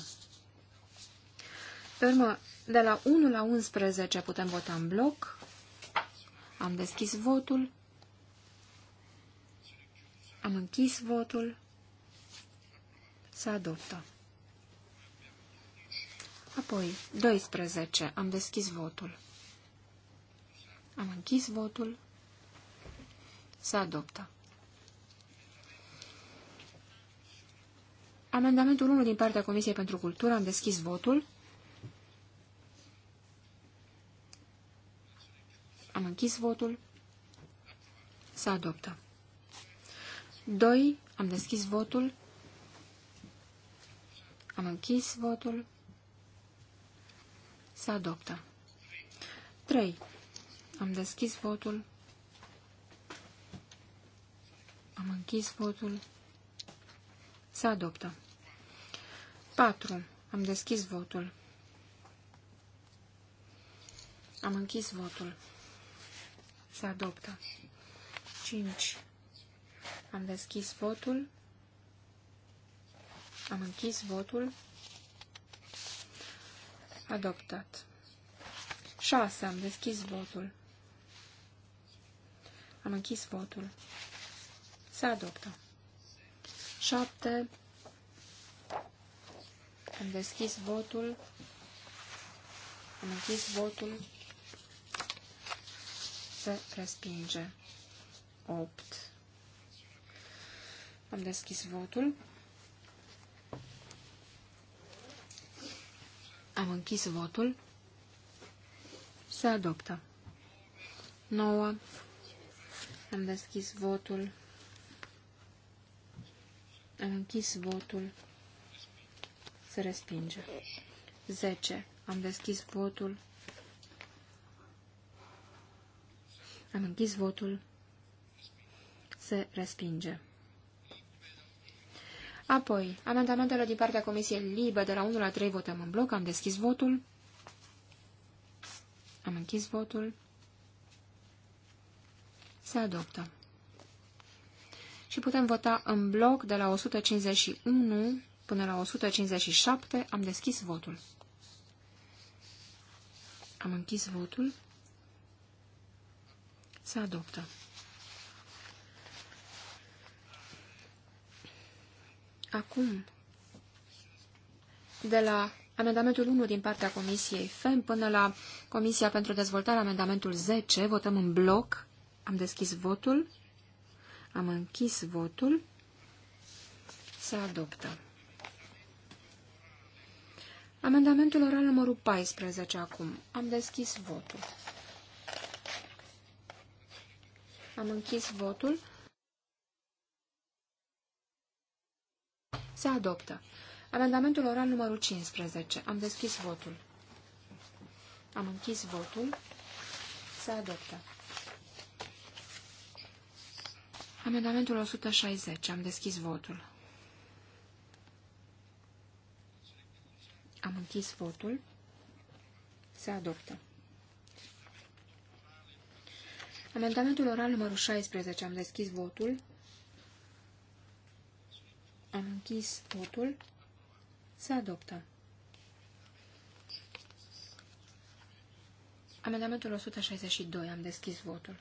Pe urmă, de la 1 la 11 putem vota în bloc, am deschis votul. Am închis votul. Se adoptă. Apoi, 12. Am deschis votul. Am închis votul. Se adoptă. Amendamentul 1 din partea Comisiei pentru Cultură. Am deschis votul. Am închis votul. Se adoptă. 2. Am deschis votul. Am închis votul. Se adoptă. 3. Am deschis votul. Am închis votul. Se adoptă. 4. Am deschis votul. Am închis votul. Se adoptă. 5. Am deschis votul. Am închis votul. Adoptat. 6. Am deschis votul. Am închis votul. Se adoptă. 7. Am deschis votul. Am închis votul se respinge. 8. Am deschis votul. Am închis votul. Se adoptă. 9. Am deschis votul. Am închis votul. Se respinge. 10. Am deschis votul. Am închis votul. Se respinge. Apoi, amendamentele din partea Comisiei Libe de la 1 la 3 votăm în bloc. Am deschis votul. Am închis votul. Se adoptă. Și putem vota în bloc de la 151 până la 157. Am deschis votul. Am închis votul. Se adoptă. Acum, de la amendamentul 1 din partea Comisiei FEM până la Comisia pentru Dezvoltare, amendamentul 10, votăm în bloc. Am deschis votul. Am închis votul. Se adoptă. Amendamentul oral numărul 14 acum. Am deschis votul. Am închis votul. Se adoptă. Amendamentul oral numărul 15. Am deschis votul. Am închis votul. Se adoptă. Amendamentul 160. Am deschis votul. Am închis votul. Se adoptă. Amendamentul oral numărul 16. Am deschis votul. Am închis votul. Se adoptă. Amendamentul 162. Am deschis votul.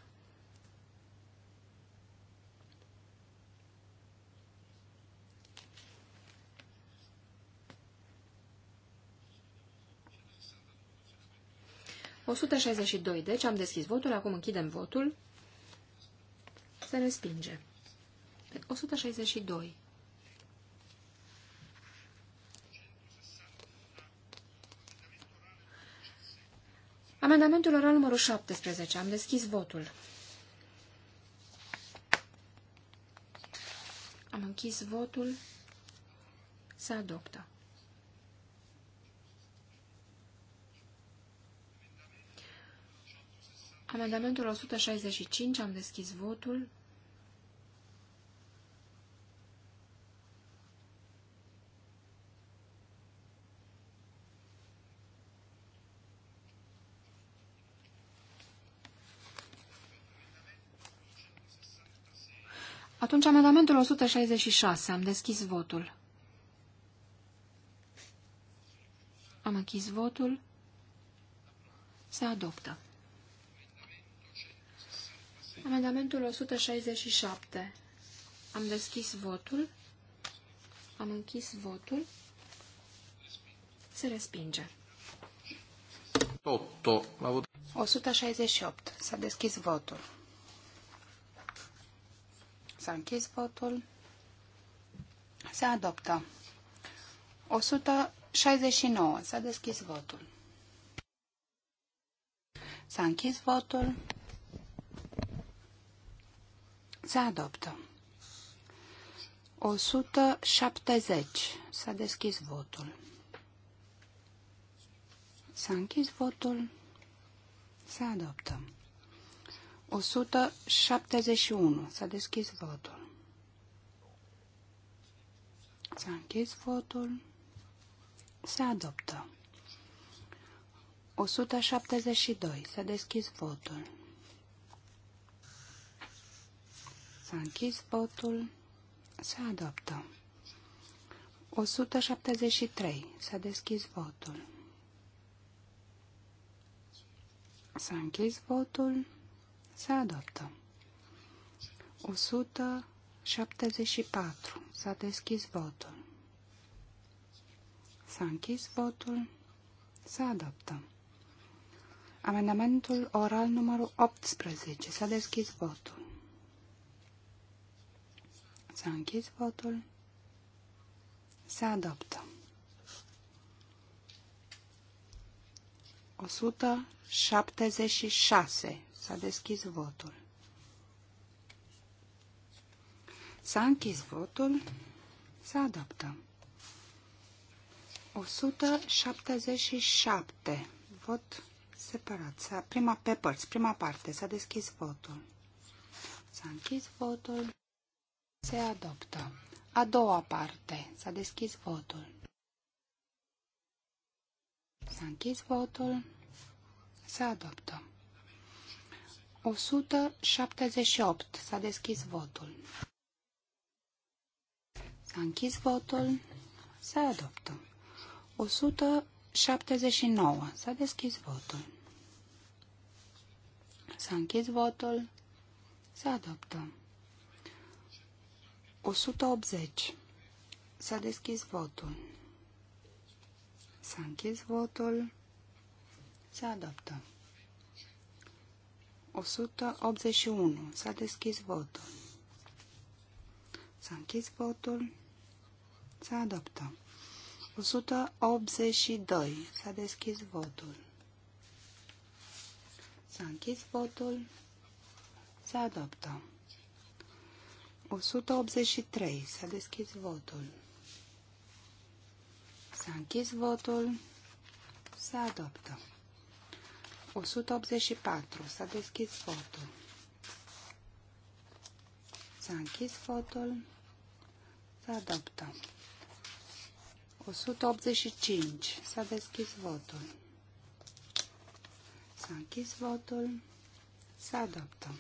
162. Deci am deschis votul, acum închidem votul. Se respinge. 162. Amendamentul oral numărul 17. Am deschis votul. Am închis votul. Se adoptă. Amendamentul 165, am deschis votul. Atunci amendamentul 166. Am deschis votul. Am închis votul. Se adoptă. Amendamentul 167. Am deschis votul. Am închis votul. Se respinge. 8. 168. S-a deschis votul. S-a închis votul. Se adoptă. 169. S-a deschis votul. S-a închis votul. Se adoptă. 170. S-a deschis votul. S-a închis votul. Se adoptă. 171. S-a deschis votul. S-a închis votul. Se adoptă. 172. S-a deschis votul. S-a închis botul. Se adoptă. 173. S-a deschis votul. S-a închis votul. Se adoptă. 174. S-a deschis votul. S-a închis votul. Se adoptă. Amendamentul oral numărul 18. S-a deschis votul. S-a închis votul. Se adoptă. 176. S-a deschis votul. S-a închis votul. Se adoptă. 177. Vot separat. prima pe părți, prima parte. S-a deschis votul. S-a închis votul. Se adoptă. A doua parte. S-a deschis votul. S-a închis votul. Se adoptă. 178. S-a deschis votul. S-a închis votul. Se adoptă. 179. S-a deschis votul. S-a închis votul. Se adoptă. 180. S-a deschis votul. S-a închis votul. Se adoptă. 181. S-a deschis votul. S-a închis votul. Se adoptă. 182. S-a deschis votul. S-a închis votul. Se adoptă. 183. S-a deschis votul. S-a închis votul. Se adoptă. 184. S-a deschis votul. S-a închis votul. Se adoptă. 185. S-a deschis votul. S-a închis votul. Se adoptă.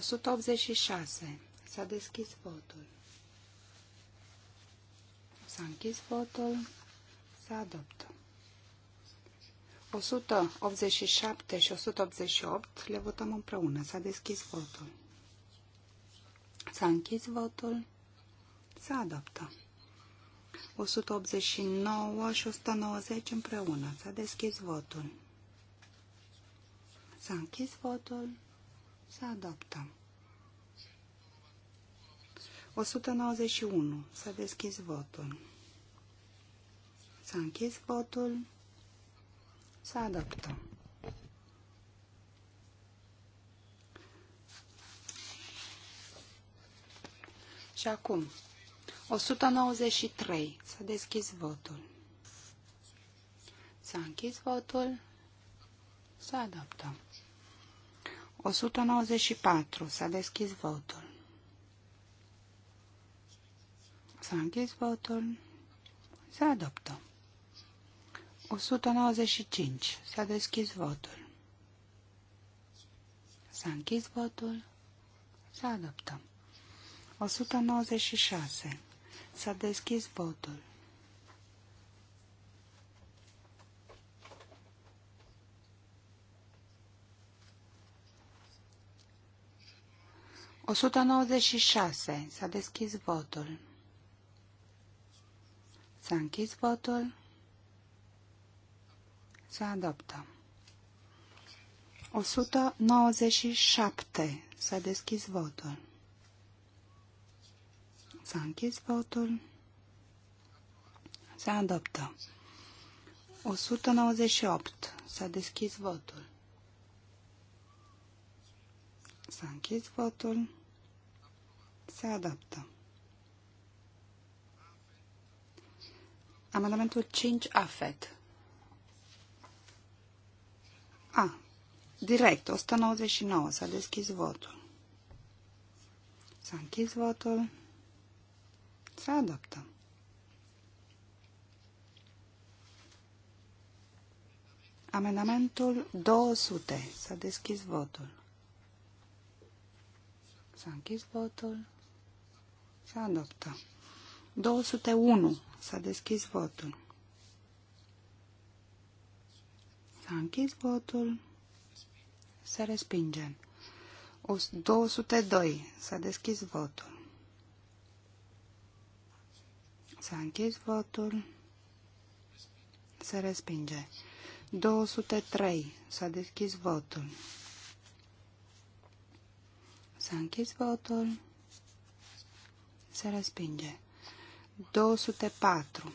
186. S-a deschis votul. S-a închis votul. S-a adoptă. 187 și 188 le votăm împreună. S-a deschis votul. S-a închis votul. S-a adoptă. 189 și 190 împreună. S-a deschis votul. S-a închis votul. Se adoptă. 191. S-a deschis votul. S-a închis votul. Se adoptă. Și acum, 193. S-a deschis votul. S-a închis votul. să adoptă. 194. S-a deschis votul. S-a închis votul. Se adoptă. 195. S-a deschis votul. S-a închis votul. Se adoptă. 196. S-a deschis votul. 196. S-a deschis votul. S-a închis votul. Se adoptă. 197. S-a deschis votul. S-a închis votul. Se adoptă. 198. S-a deschis votul. S-a închis votul. Se adaptă. Amendamentul 5 AFET. A. Direct, 199. S-a deschis votul. S-a închis votul. Se adaptă. Amendamentul 200. S-a deschis votul. S-a închis votul. Se adoptă. 201. S-a deschis votul. S-a închis votul. Se respinge. 202. S-a deschis votul. S-a închis votul. Se respinge. 203. S-a deschis votul să a votul. Se respinge. 204.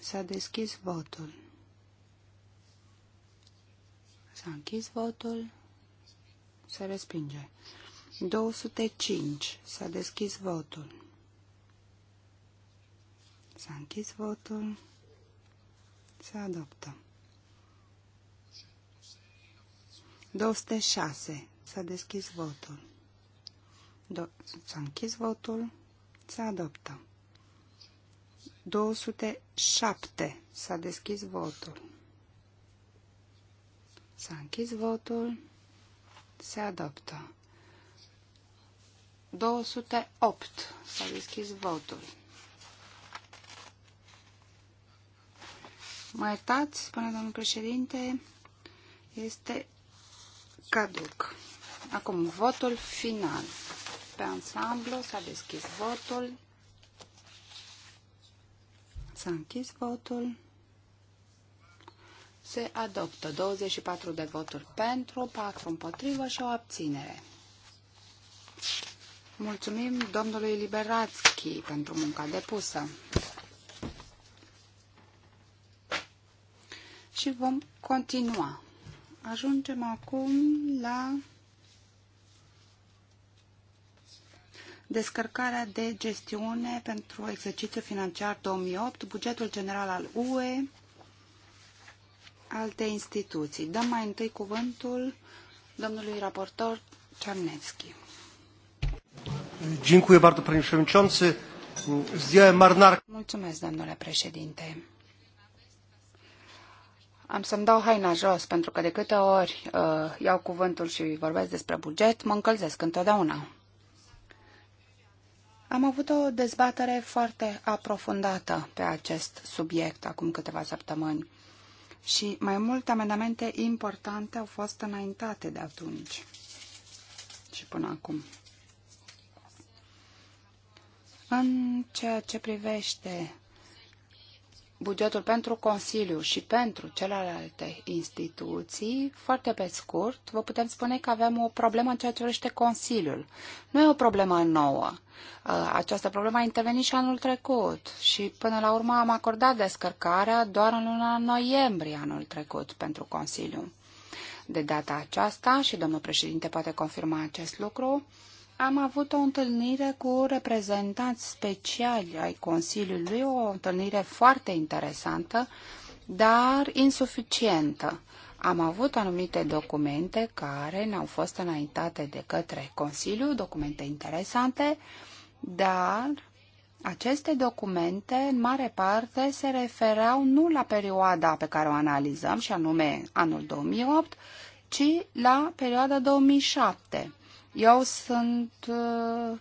S-a deschis votul. S-a închis votul. Se respinge. 205. S-a deschis votul. S-a închis votul. Se adoptă. 206. S-a deschis votul. S-a închis votul. Se adoptă. 207. S-a deschis votul. S-a închis votul. Se adoptă. 208. S-a deschis votul. Mă iertați, spune domnul președinte, este caduc. Acum, votul final pe ansamblu. S-a deschis votul. S-a închis votul. Se adoptă 24 de voturi pentru, 4 împotrivă și o abținere. Mulțumim domnului Liberațchi pentru munca depusă. Și vom continua. Ajungem acum la descărcarea de gestiune pentru exercițiul financiar 2008, bugetul general al UE, alte instituții. Dăm mai întâi cuvântul domnului raportor Czarnecki. marnar... Mulțumesc, domnule președinte. Am să-mi dau haina jos, pentru că de câte ori uh, iau cuvântul și vorbesc despre buget, mă încălzesc întotdeauna. Am avut o dezbatere foarte aprofundată pe acest subiect acum câteva săptămâni și mai multe amendamente importante au fost înaintate de atunci și până acum. În ceea ce privește bugetul pentru Consiliu și pentru celelalte instituții, foarte pe scurt, vă putem spune că avem o problemă în ceea ce vrește Consiliul. Nu e o problemă nouă. Uh, această problemă a intervenit și anul trecut și până la urmă am acordat descărcarea doar în luna noiembrie anul trecut pentru Consiliu. De data aceasta, și domnul președinte poate confirma acest lucru, am avut o întâlnire cu reprezentanți speciali ai Consiliului, o întâlnire foarte interesantă, dar insuficientă. Am avut anumite documente care ne-au fost înaintate de către Consiliu, documente interesante, dar aceste documente, în mare parte, se refereau nu la perioada pe care o analizăm, și anume anul 2008, ci la perioada 2007. Eu sunt uh,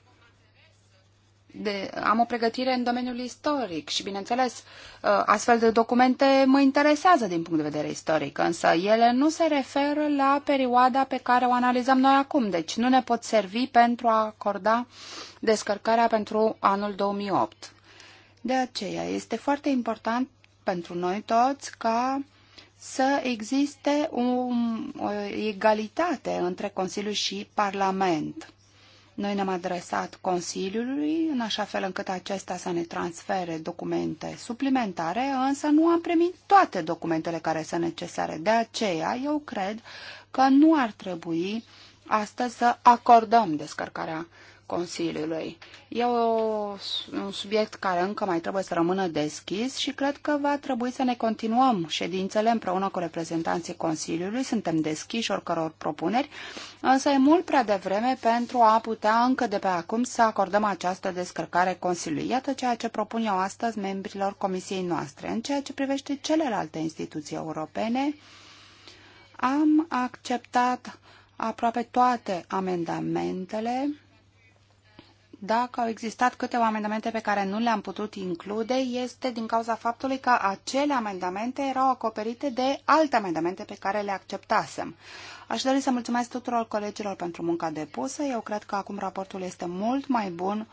de, am o pregătire în domeniul istoric și, bineînțeles, uh, astfel de documente mă interesează din punct de vedere istoric, însă ele nu se referă la perioada pe care o analizăm noi acum, deci nu ne pot servi pentru a acorda descărcarea pentru anul 2008. De aceea este foarte important pentru noi toți ca uh, să existe o egalitate între Consiliu și Parlament. Noi ne-am adresat Consiliului în așa fel încât acesta să ne transfere documente suplimentare, însă nu am primit toate documentele care sunt necesare. De aceea, eu cred că nu ar trebui astăzi să acordăm descărcarea Consiliului. E o, un subiect care încă mai trebuie să rămână deschis și cred că va trebui să ne continuăm ședințele împreună cu reprezentanții Consiliului. Suntem deschiși oricăror propuneri, însă e mult prea devreme pentru a putea încă de pe acum să acordăm această descărcare Consiliului. Iată ceea ce propun eu astăzi membrilor Comisiei noastre. În ceea ce privește celelalte instituții europene, am acceptat aproape toate amendamentele dacă au existat câteva amendamente pe care nu le-am putut include, este din cauza faptului că acele amendamente erau acoperite de alte amendamente pe care le acceptasem. Aș dori să mulțumesc tuturor colegilor pentru munca depusă. Eu cred că acum raportul este mult mai bun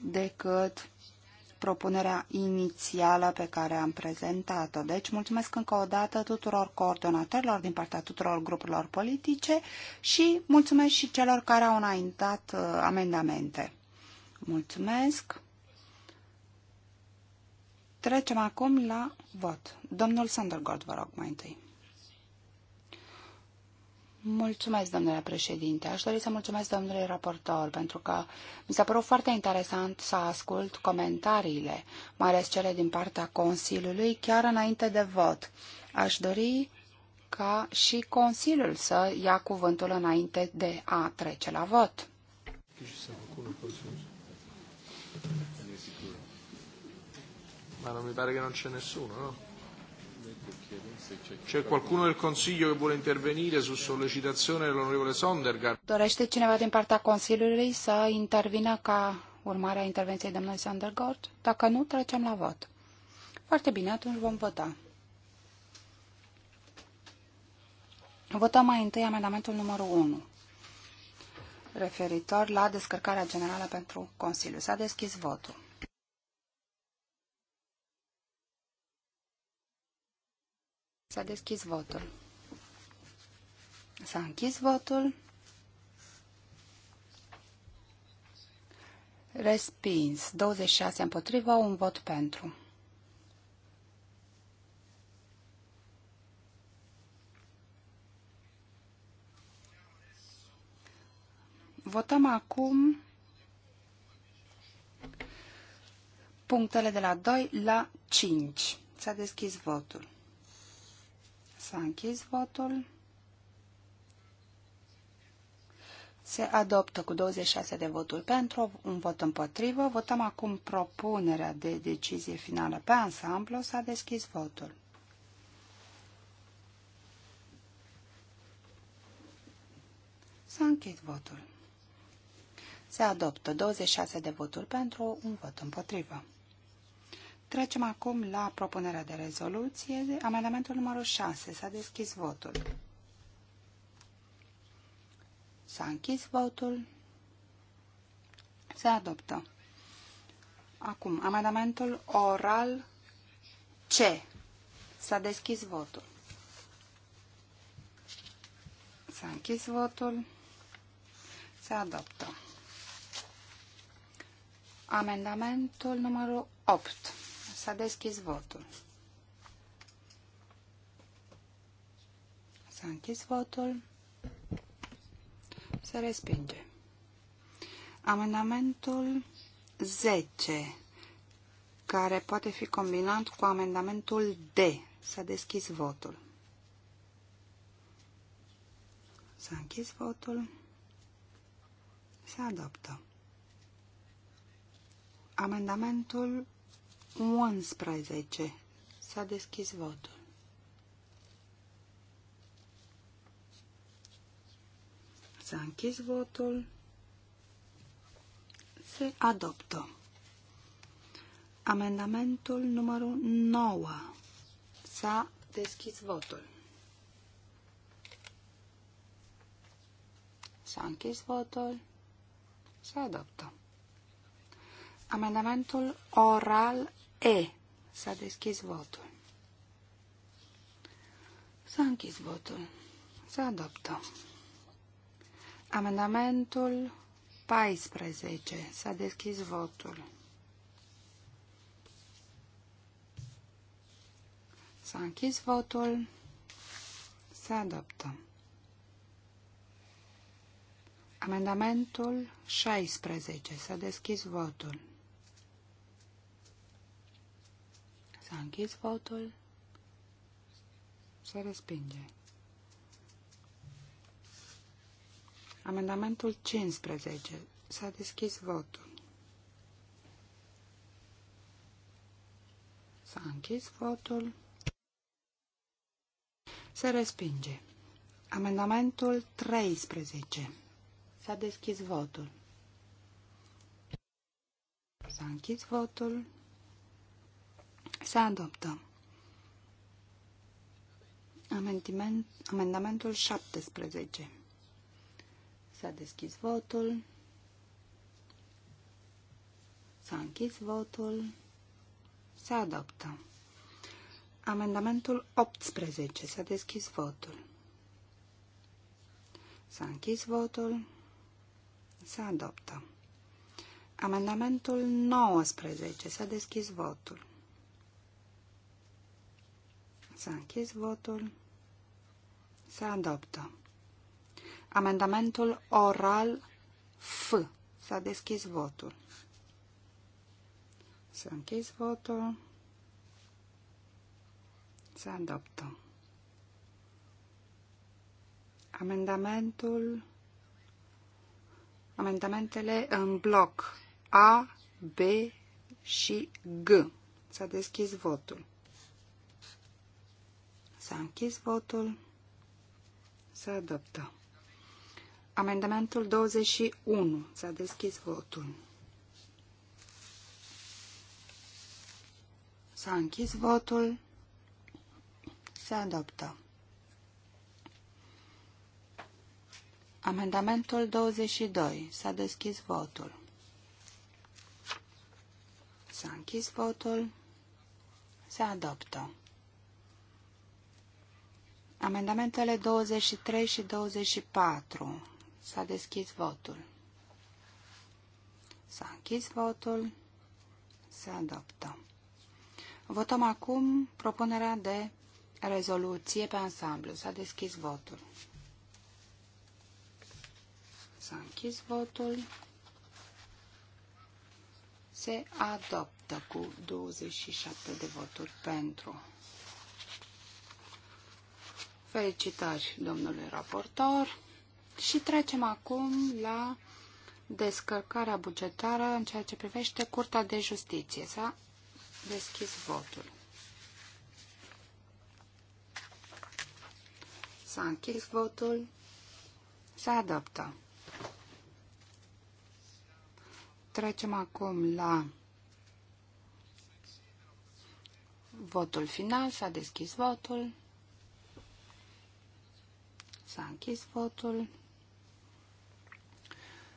decât propunerea inițială pe care am prezentat-o. Deci mulțumesc încă o dată tuturor coordonatorilor din partea tuturor grupurilor politice și mulțumesc și celor care au înaintat uh, amendamente. Mulțumesc. Trecem acum la vot. Domnul Sandergaard, vă rog mai întâi. Mulțumesc, domnule președinte. Aș dori să mulțumesc domnului raportor, pentru că mi s-a părut foarte interesant să ascult comentariile, mai ales cele din partea Consiliului, chiar înainte de vot. Aș dori ca și Consiliul să ia cuvântul înainte de a trece la vot. Ma non mi pare che non c'è nessuno, no? C'è qualcuno del Consiglio che vuole intervenire su sollecitazione dell'onorevole Sondergaard? Dorește cineva din partea Consiliului să intervină ca urmare a intervenției domnului Sondergaard? Dacă nu, trecem la vot. Foarte bine, atunci vom vota. Votăm mai întâi amendamentul numărul 1 referitor la descărcarea generală pentru Consiliu. S-a deschis votul. S-a deschis votul. S-a închis votul. Respins. 26 împotriva, un vot pentru. Votăm acum punctele de la 2 la 5. S-a deschis votul. S-a închis votul. Se adoptă cu 26 de voturi pentru, un vot împotrivă. Votăm acum propunerea de decizie finală pe ansamblu. S-a deschis votul. S-a închis votul. Se adoptă 26 de voturi pentru, un vot împotrivă. Trecem acum la propunerea de rezoluție. Amendamentul numărul 6. S-a deschis votul. S-a închis votul. Se adoptă. Acum, amendamentul oral C. S-a deschis votul. S-a închis votul. Se adoptă. Amendamentul numărul 8. S-a deschis votul. S-a închis votul. Se respinge. Amendamentul 10, care poate fi combinat cu amendamentul D. S-a deschis votul. S-a închis votul. Se adoptă. Amendamentul 11. S-a deschis votul. S-a închis votul. Se adoptă. Amendamentul numărul 9. S-a deschis votul. S-a închis votul. Se adoptă. Amendamentul oral E. S-a deschis votul. S-a închis votul. Se adoptă. Amendamentul 14. S-a deschis votul. S-a închis votul. Se adoptă. Amendamentul 16. S-a deschis votul. S-a închis votul. Se respinge. Amendamentul 15. S-a deschis votul. S-a închis votul. Se respinge. Amendamentul 13. S-a deschis votul. S-a închis votul. Se adoptă. Amendiment, amendamentul 17. S-a deschis votul. S-a închis votul. Se adoptă. Amendamentul 18. S-a deschis votul. S-a închis votul. Se adoptă. Amendamentul 19. S-a deschis votul. S-a închis votul. Se adoptă. Amendamentul oral F. S-a deschis votul. S-a închis votul. Se adoptă. Amendamentul Amendamentele în bloc A, B și G. S-a deschis votul. S-a închis votul. Se adoptă. Amendamentul 21. S-a deschis votul. S-a închis votul. Se adoptă. Amendamentul 22. S-a deschis votul. S-a închis votul. Se adoptă. Amendamentele 23 și 24. S-a deschis votul. S-a închis votul. Se adoptă. Votăm acum propunerea de rezoluție pe ansamblu. S-a deschis votul. S-a închis votul. Se adoptă cu 27 de voturi pentru. Felicitări domnului raportor și trecem acum la descărcarea bugetară în ceea ce privește Curtea de Justiție. S-a deschis votul. S-a închis votul. Se adoptă. Trecem acum la votul final. S-a deschis votul. S-a închis votul.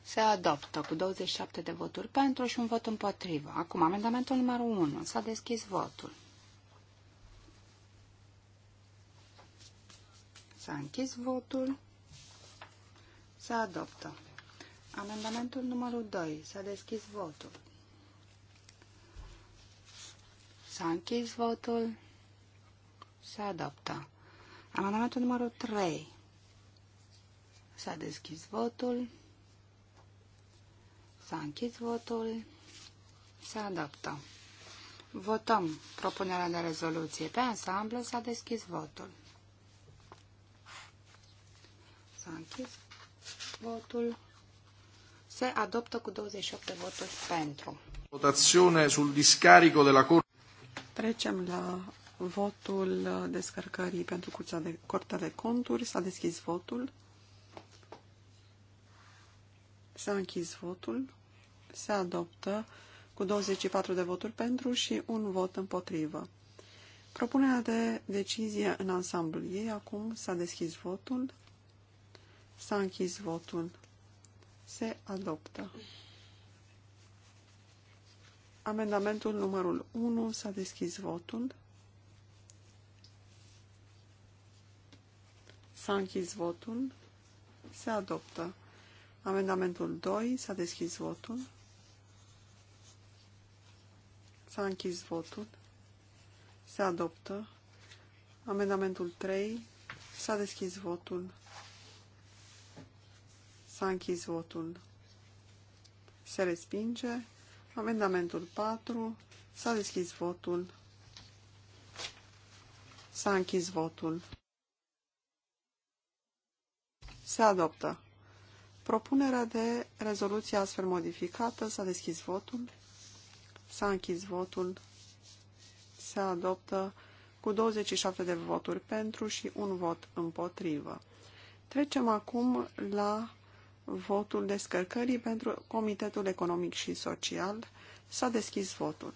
Se adoptă cu 27 de voturi pentru și un vot împotrivă. Acum, amendamentul numărul 1. S-a deschis votul. S-a închis votul. Se adoptă. Amendamentul numărul 2. S-a deschis votul. S-a închis votul. Se adoptă. Amendamentul numărul 3. S-a deschis votul. S-a închis votul. Se adoptă. Votăm propunerea de rezoluție. Pe ansamblu s-a deschis votul. S-a închis votul. Se adoptă cu 28 de voturi pentru. Votațiune sul discarico de la Corte. Trecem la votul descărcării pentru Curtea de, de Conturi. S-a deschis votul. S-a închis votul. Se adoptă cu 24 de voturi pentru și un vot împotrivă. Propunerea de decizie în ansamblu ei acum s-a deschis votul. S-a închis votul. Se adoptă. Amendamentul numărul 1 s-a deschis votul. S-a închis votul. Se adoptă. Amendamentul 2. S-a deschis votul. S-a închis votul. Se adoptă. Amendamentul 3. S-a deschis votul. S-a închis votul. Se respinge. Amendamentul 4. S-a deschis votul. S-a închis votul. Se adoptă. Propunerea de rezoluție astfel modificată. S-a deschis votul. S-a închis votul. Se adoptă cu 27 de voturi pentru și un vot împotrivă. Trecem acum la votul descărcării pentru Comitetul Economic și Social. S-a deschis votul.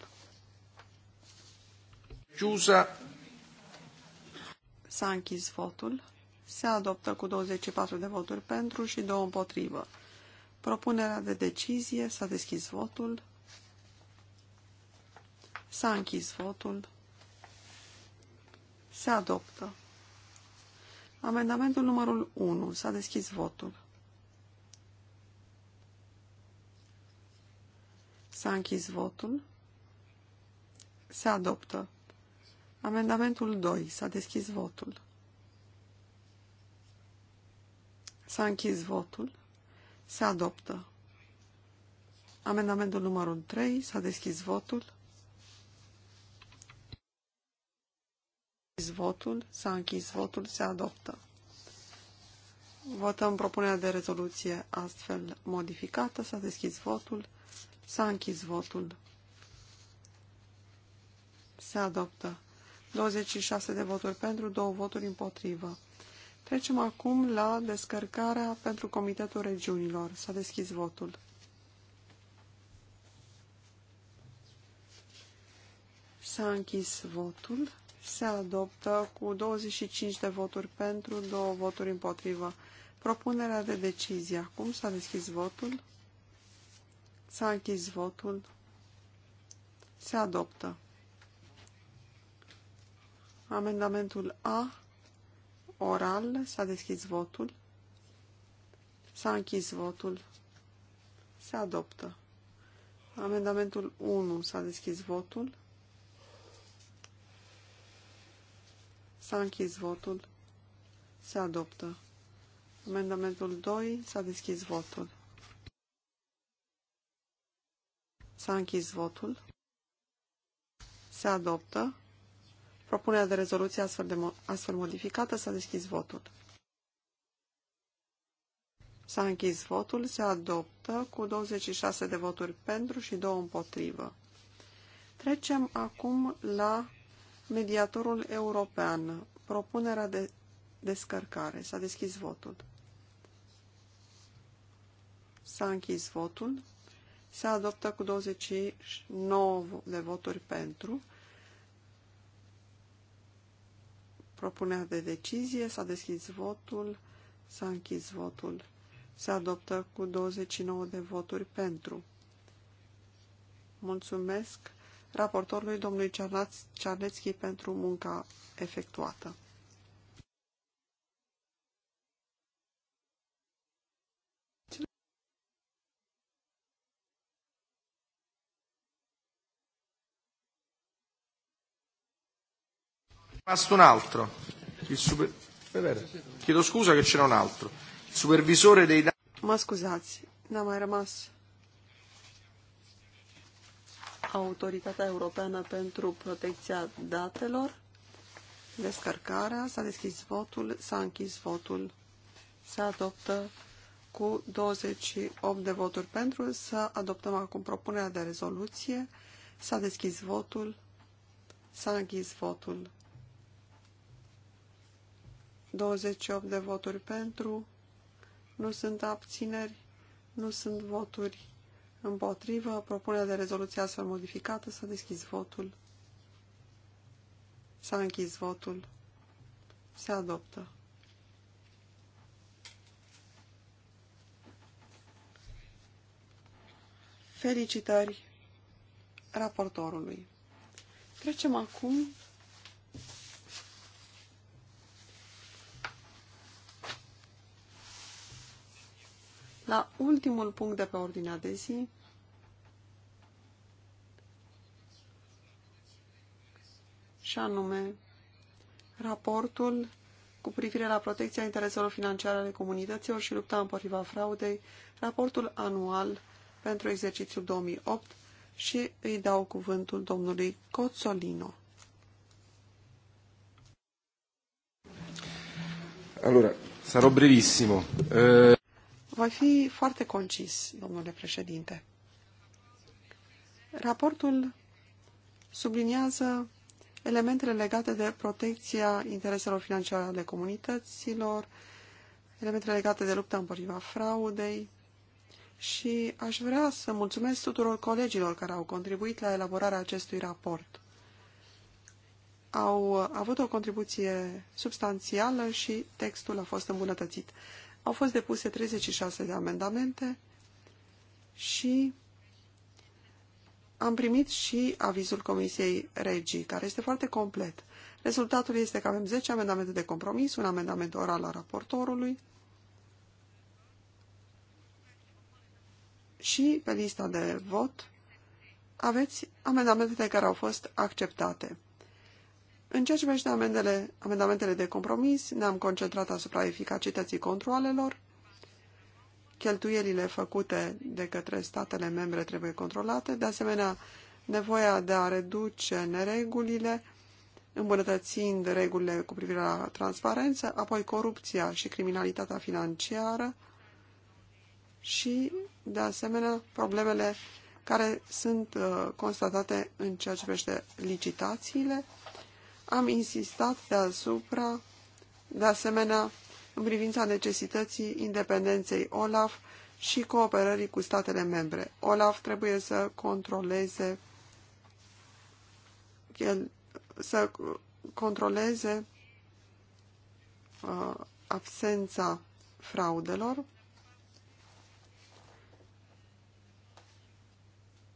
S-a închis votul se adoptă cu 24 de voturi pentru și 2 împotrivă. Propunerea de decizie s-a deschis votul. S-a închis votul. Se adoptă. Amendamentul numărul 1. S-a deschis votul. S-a închis votul. Se adoptă. Amendamentul 2. S-a deschis votul. S-a închis votul. Se adoptă. Amendamentul numărul 3. S-a deschis votul. votul, s-a închis votul, se adoptă. Votăm propunerea de rezoluție astfel modificată, s-a deschis votul, s-a închis votul, se adoptă. 26 de voturi pentru, 2 voturi împotrivă. Trecem acum la descărcarea pentru Comitetul Regiunilor. S-a deschis votul. S-a închis votul. Se adoptă cu 25 de voturi pentru, două voturi împotrivă. Propunerea de decizie. Acum s-a deschis votul. S-a închis votul. Se adoptă. Amendamentul A oral. S-a deschis votul. S-a închis votul. Se adoptă. Amendamentul 1. S-a deschis votul. S-a închis votul. Se adoptă. Amendamentul 2. S-a deschis votul. S-a închis votul. Se adoptă. Propunerea de rezoluție astfel, de, astfel modificată s-a deschis votul. S-a închis votul, se adoptă cu 26 de voturi pentru și 2 împotrivă. Trecem acum la mediatorul european, propunerea de descărcare. S-a deschis votul. S-a închis votul. Se adoptă cu 29 de voturi pentru Propunerea de decizie. S-a deschis votul. S-a închis votul. Se adoptă cu 29 de voturi pentru. Mulțumesc raportorului domnului Cerlețchi pentru munca efectuată. Rimasto un altro. Il super... Beh, Chiedo scusa che c'era un altro. Il supervisore dei dati... Ma scusate, n-a mai rămas Autoritatea Europeană pentru Protecția Datelor. Descărcarea, s-a deschis votul, s-a închis votul. Se adoptă cu 28 de voturi pentru. Să adoptăm acum propunerea de rezoluție. S-a deschis votul, s-a închis votul. 28 de voturi pentru, nu sunt abțineri, nu sunt voturi împotrivă. Propunerea de rezoluție astfel modificată s-a deschis votul. S-a închis votul. Se adoptă. Felicitări raportorului. Trecem acum la ultimul punct de pe ordinea de zi, și anume raportul cu privire la protecția intereselor financiare ale comunităților și lupta împotriva fraudei, raportul anual pentru exercițiul 2008 și îi dau cuvântul domnului Cozzolino. Allora, sarò brevissimo. Eh... Voi fi foarte concis, domnule președinte. Raportul subliniază elementele legate de protecția intereselor financiare ale comunităților, elementele legate de lupta împotriva fraudei și aș vrea să mulțumesc tuturor colegilor care au contribuit la elaborarea acestui raport. Au avut o contribuție substanțială și textul a fost îmbunătățit. Au fost depuse 36 de amendamente și am primit și avizul Comisiei Regii, care este foarte complet. Rezultatul este că avem 10 amendamente de compromis, un amendament oral al raportorului și pe lista de vot aveți amendamentele care au fost acceptate. În ceea ce privește amendele, amendamentele de compromis, ne-am concentrat asupra eficacității controalelor. Cheltuielile făcute de către statele membre trebuie controlate. De asemenea, nevoia de a reduce neregulile, îmbunătățind regulile cu privire la transparență, apoi corupția și criminalitatea financiară și, de asemenea, problemele care sunt uh, constatate în ceea ce privește licitațiile am insistat deasupra, de asemenea, în privința necesității independenței OLAF și cooperării cu statele membre. OLAF trebuie să controleze să controleze uh, absența fraudelor.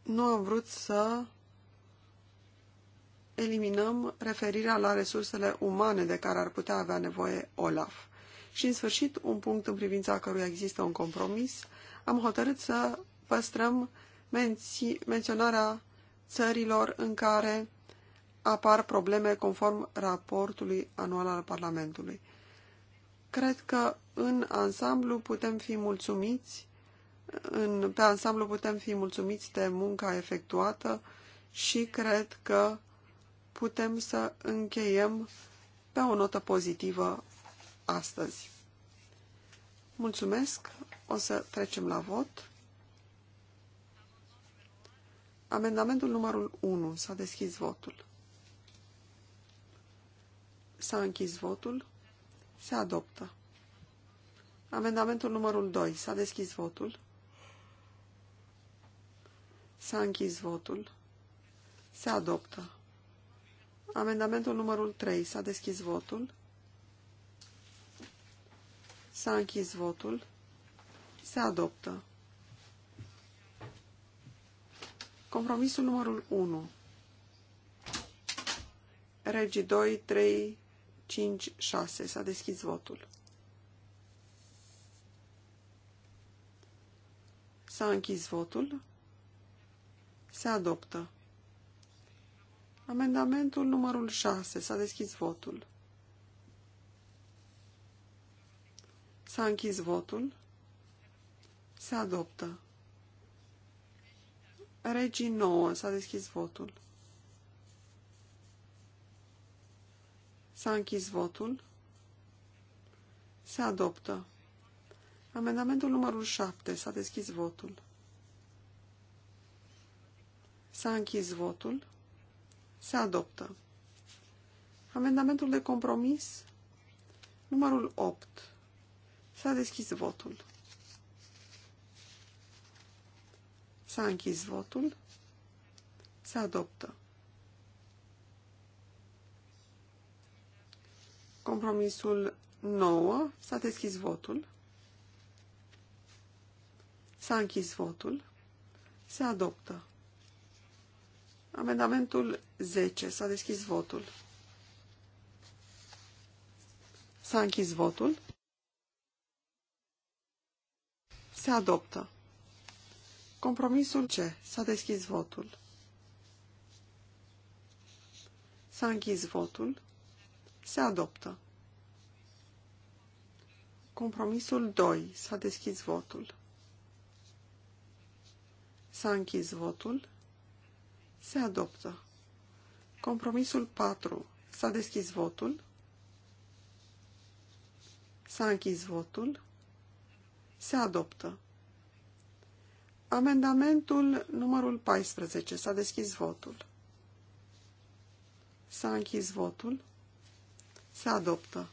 Nu am vrut să eliminăm referirea la resursele umane de care ar putea avea nevoie OLAF. Și, în sfârșit, un punct în privința căruia există un compromis, am hotărât să păstrăm menționarea țărilor în care apar probleme conform raportului anual al Parlamentului. Cred că în ansamblu putem fi mulțumiți, în, pe ansamblu putem fi mulțumiți de munca efectuată și cred că putem să încheiem pe o notă pozitivă astăzi. Mulțumesc. O să trecem la vot. Amendamentul numărul 1. S-a deschis votul. S-a închis votul. Se adoptă. Amendamentul numărul 2. S-a deschis votul. S-a închis votul. Se adoptă. Amendamentul numărul 3. S-a deschis votul. S-a închis votul. Se adoptă. Compromisul numărul 1. Regii 2, 3, 5, 6. S-a deschis votul. S-a închis votul. Se adoptă. Amendamentul numărul 6. S-a deschis votul. S-a închis votul. Se adoptă. Regii 9. S-a deschis votul. S-a închis votul. Se adoptă. Amendamentul numărul 7. S-a deschis votul. S-a închis votul se adoptă. Amendamentul de compromis numărul 8. S-a deschis votul. S-a închis votul. Se adoptă. Compromisul 9. S-a deschis votul. S-a închis votul. Se adoptă. Amendamentul 10. S-a deschis votul. S-a închis votul. Se adoptă. Compromisul C. S-a deschis votul. S-a închis votul. Se adoptă. Compromisul 2. S-a deschis votul. S-a închis votul. Se adoptă. Compromisul 4. S-a deschis votul. S-a închis votul. Se adoptă. Amendamentul numărul 14. S-a deschis votul. S-a închis votul. Se adoptă.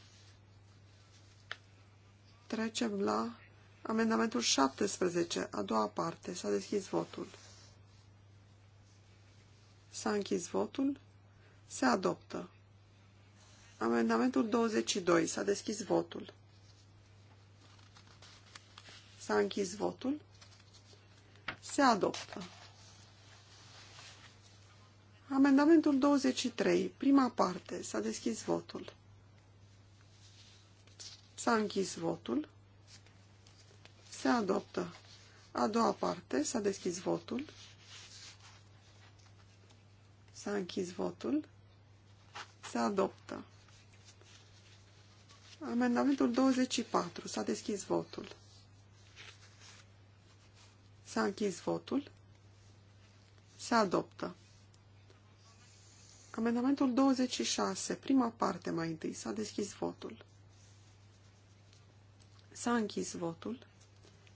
Trecem la amendamentul 17, a doua parte. S-a deschis votul. S-a închis votul. Se adoptă. Amendamentul 22. S-a deschis votul. S-a închis votul. Se adoptă. Amendamentul 23. Prima parte. S-a deschis votul. S-a închis votul. Se adoptă. A doua parte. S-a deschis votul. S-a închis votul. Se adoptă. Amendamentul 24. S-a deschis votul. S-a închis votul. Se adoptă. Amendamentul 26, prima parte mai întâi, s-a deschis votul. S-a închis votul.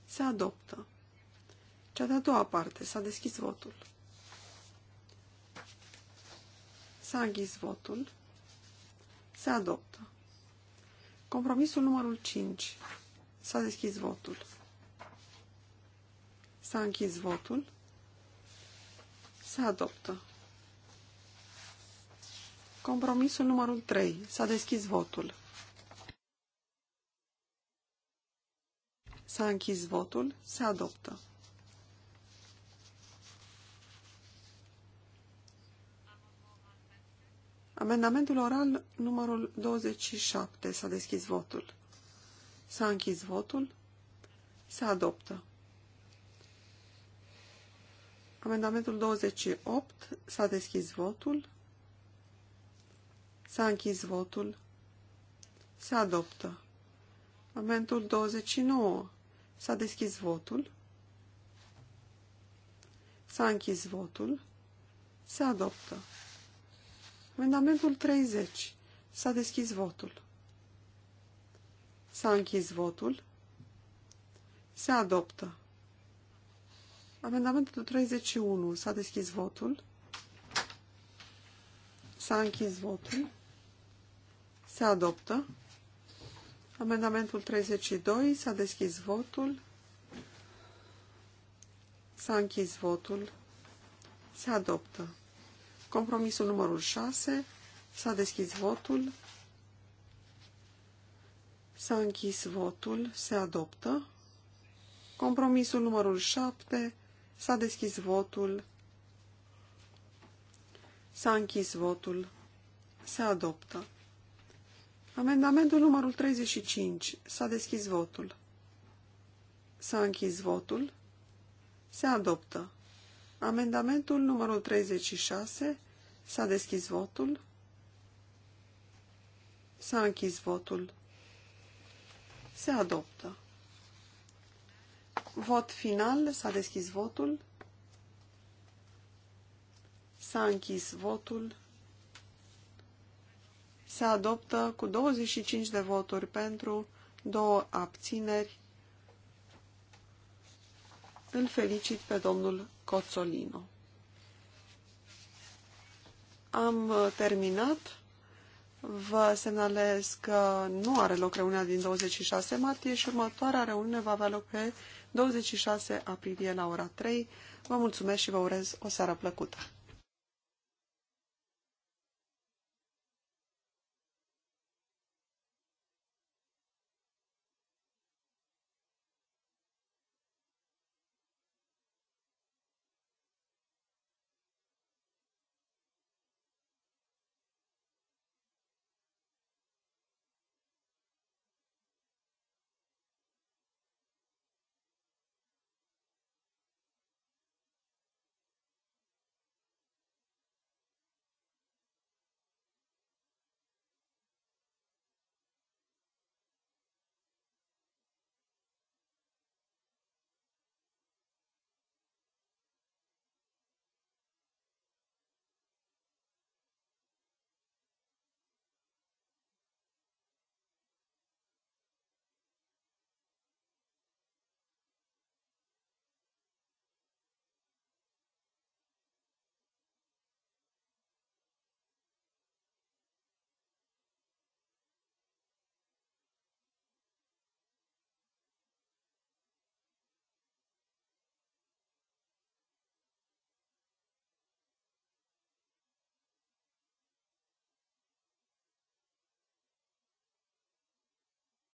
Se adoptă. Cea de-a doua parte, s-a deschis votul. S-a închis votul. Se adoptă. Compromisul numărul 5. S-a deschis votul. S-a închis votul. Se adoptă. Compromisul numărul 3. S-a deschis votul. S-a închis votul. Se adoptă. Amendamentul oral numărul 27. S-a deschis votul. S-a închis votul. Se adoptă. Amendamentul 28. S-a deschis votul. S-a închis votul. Se adoptă. Amendamentul 29. S-a deschis votul. S-a închis votul. Se adoptă. Amendamentul 30. S-a deschis votul. S-a închis votul. Se adoptă. Amendamentul 31. S-a deschis votul. S-a închis votul. Se adoptă. Amendamentul 32. S-a deschis votul. S-a închis votul. Se adoptă. Compromisul numărul 6. S-a deschis votul. S-a închis votul. Se adoptă. Compromisul numărul 7. S-a deschis votul. S-a închis votul. Se adoptă. Amendamentul numărul 35. S-a deschis votul. S-a închis votul. Se adoptă. Amendamentul numărul 36. S-a deschis votul. S-a închis votul. Se adoptă. Vot final. S-a deschis votul. S-a închis votul. Se adoptă cu 25 de voturi pentru, două abțineri. Îl felicit pe domnul Cozzolino. Am uh, terminat. Vă semnalez că nu are loc reuniunea din 26 martie și următoarea reuniune va avea loc pe 26 aprilie la ora 3. Vă mulțumesc și vă urez o seară plăcută!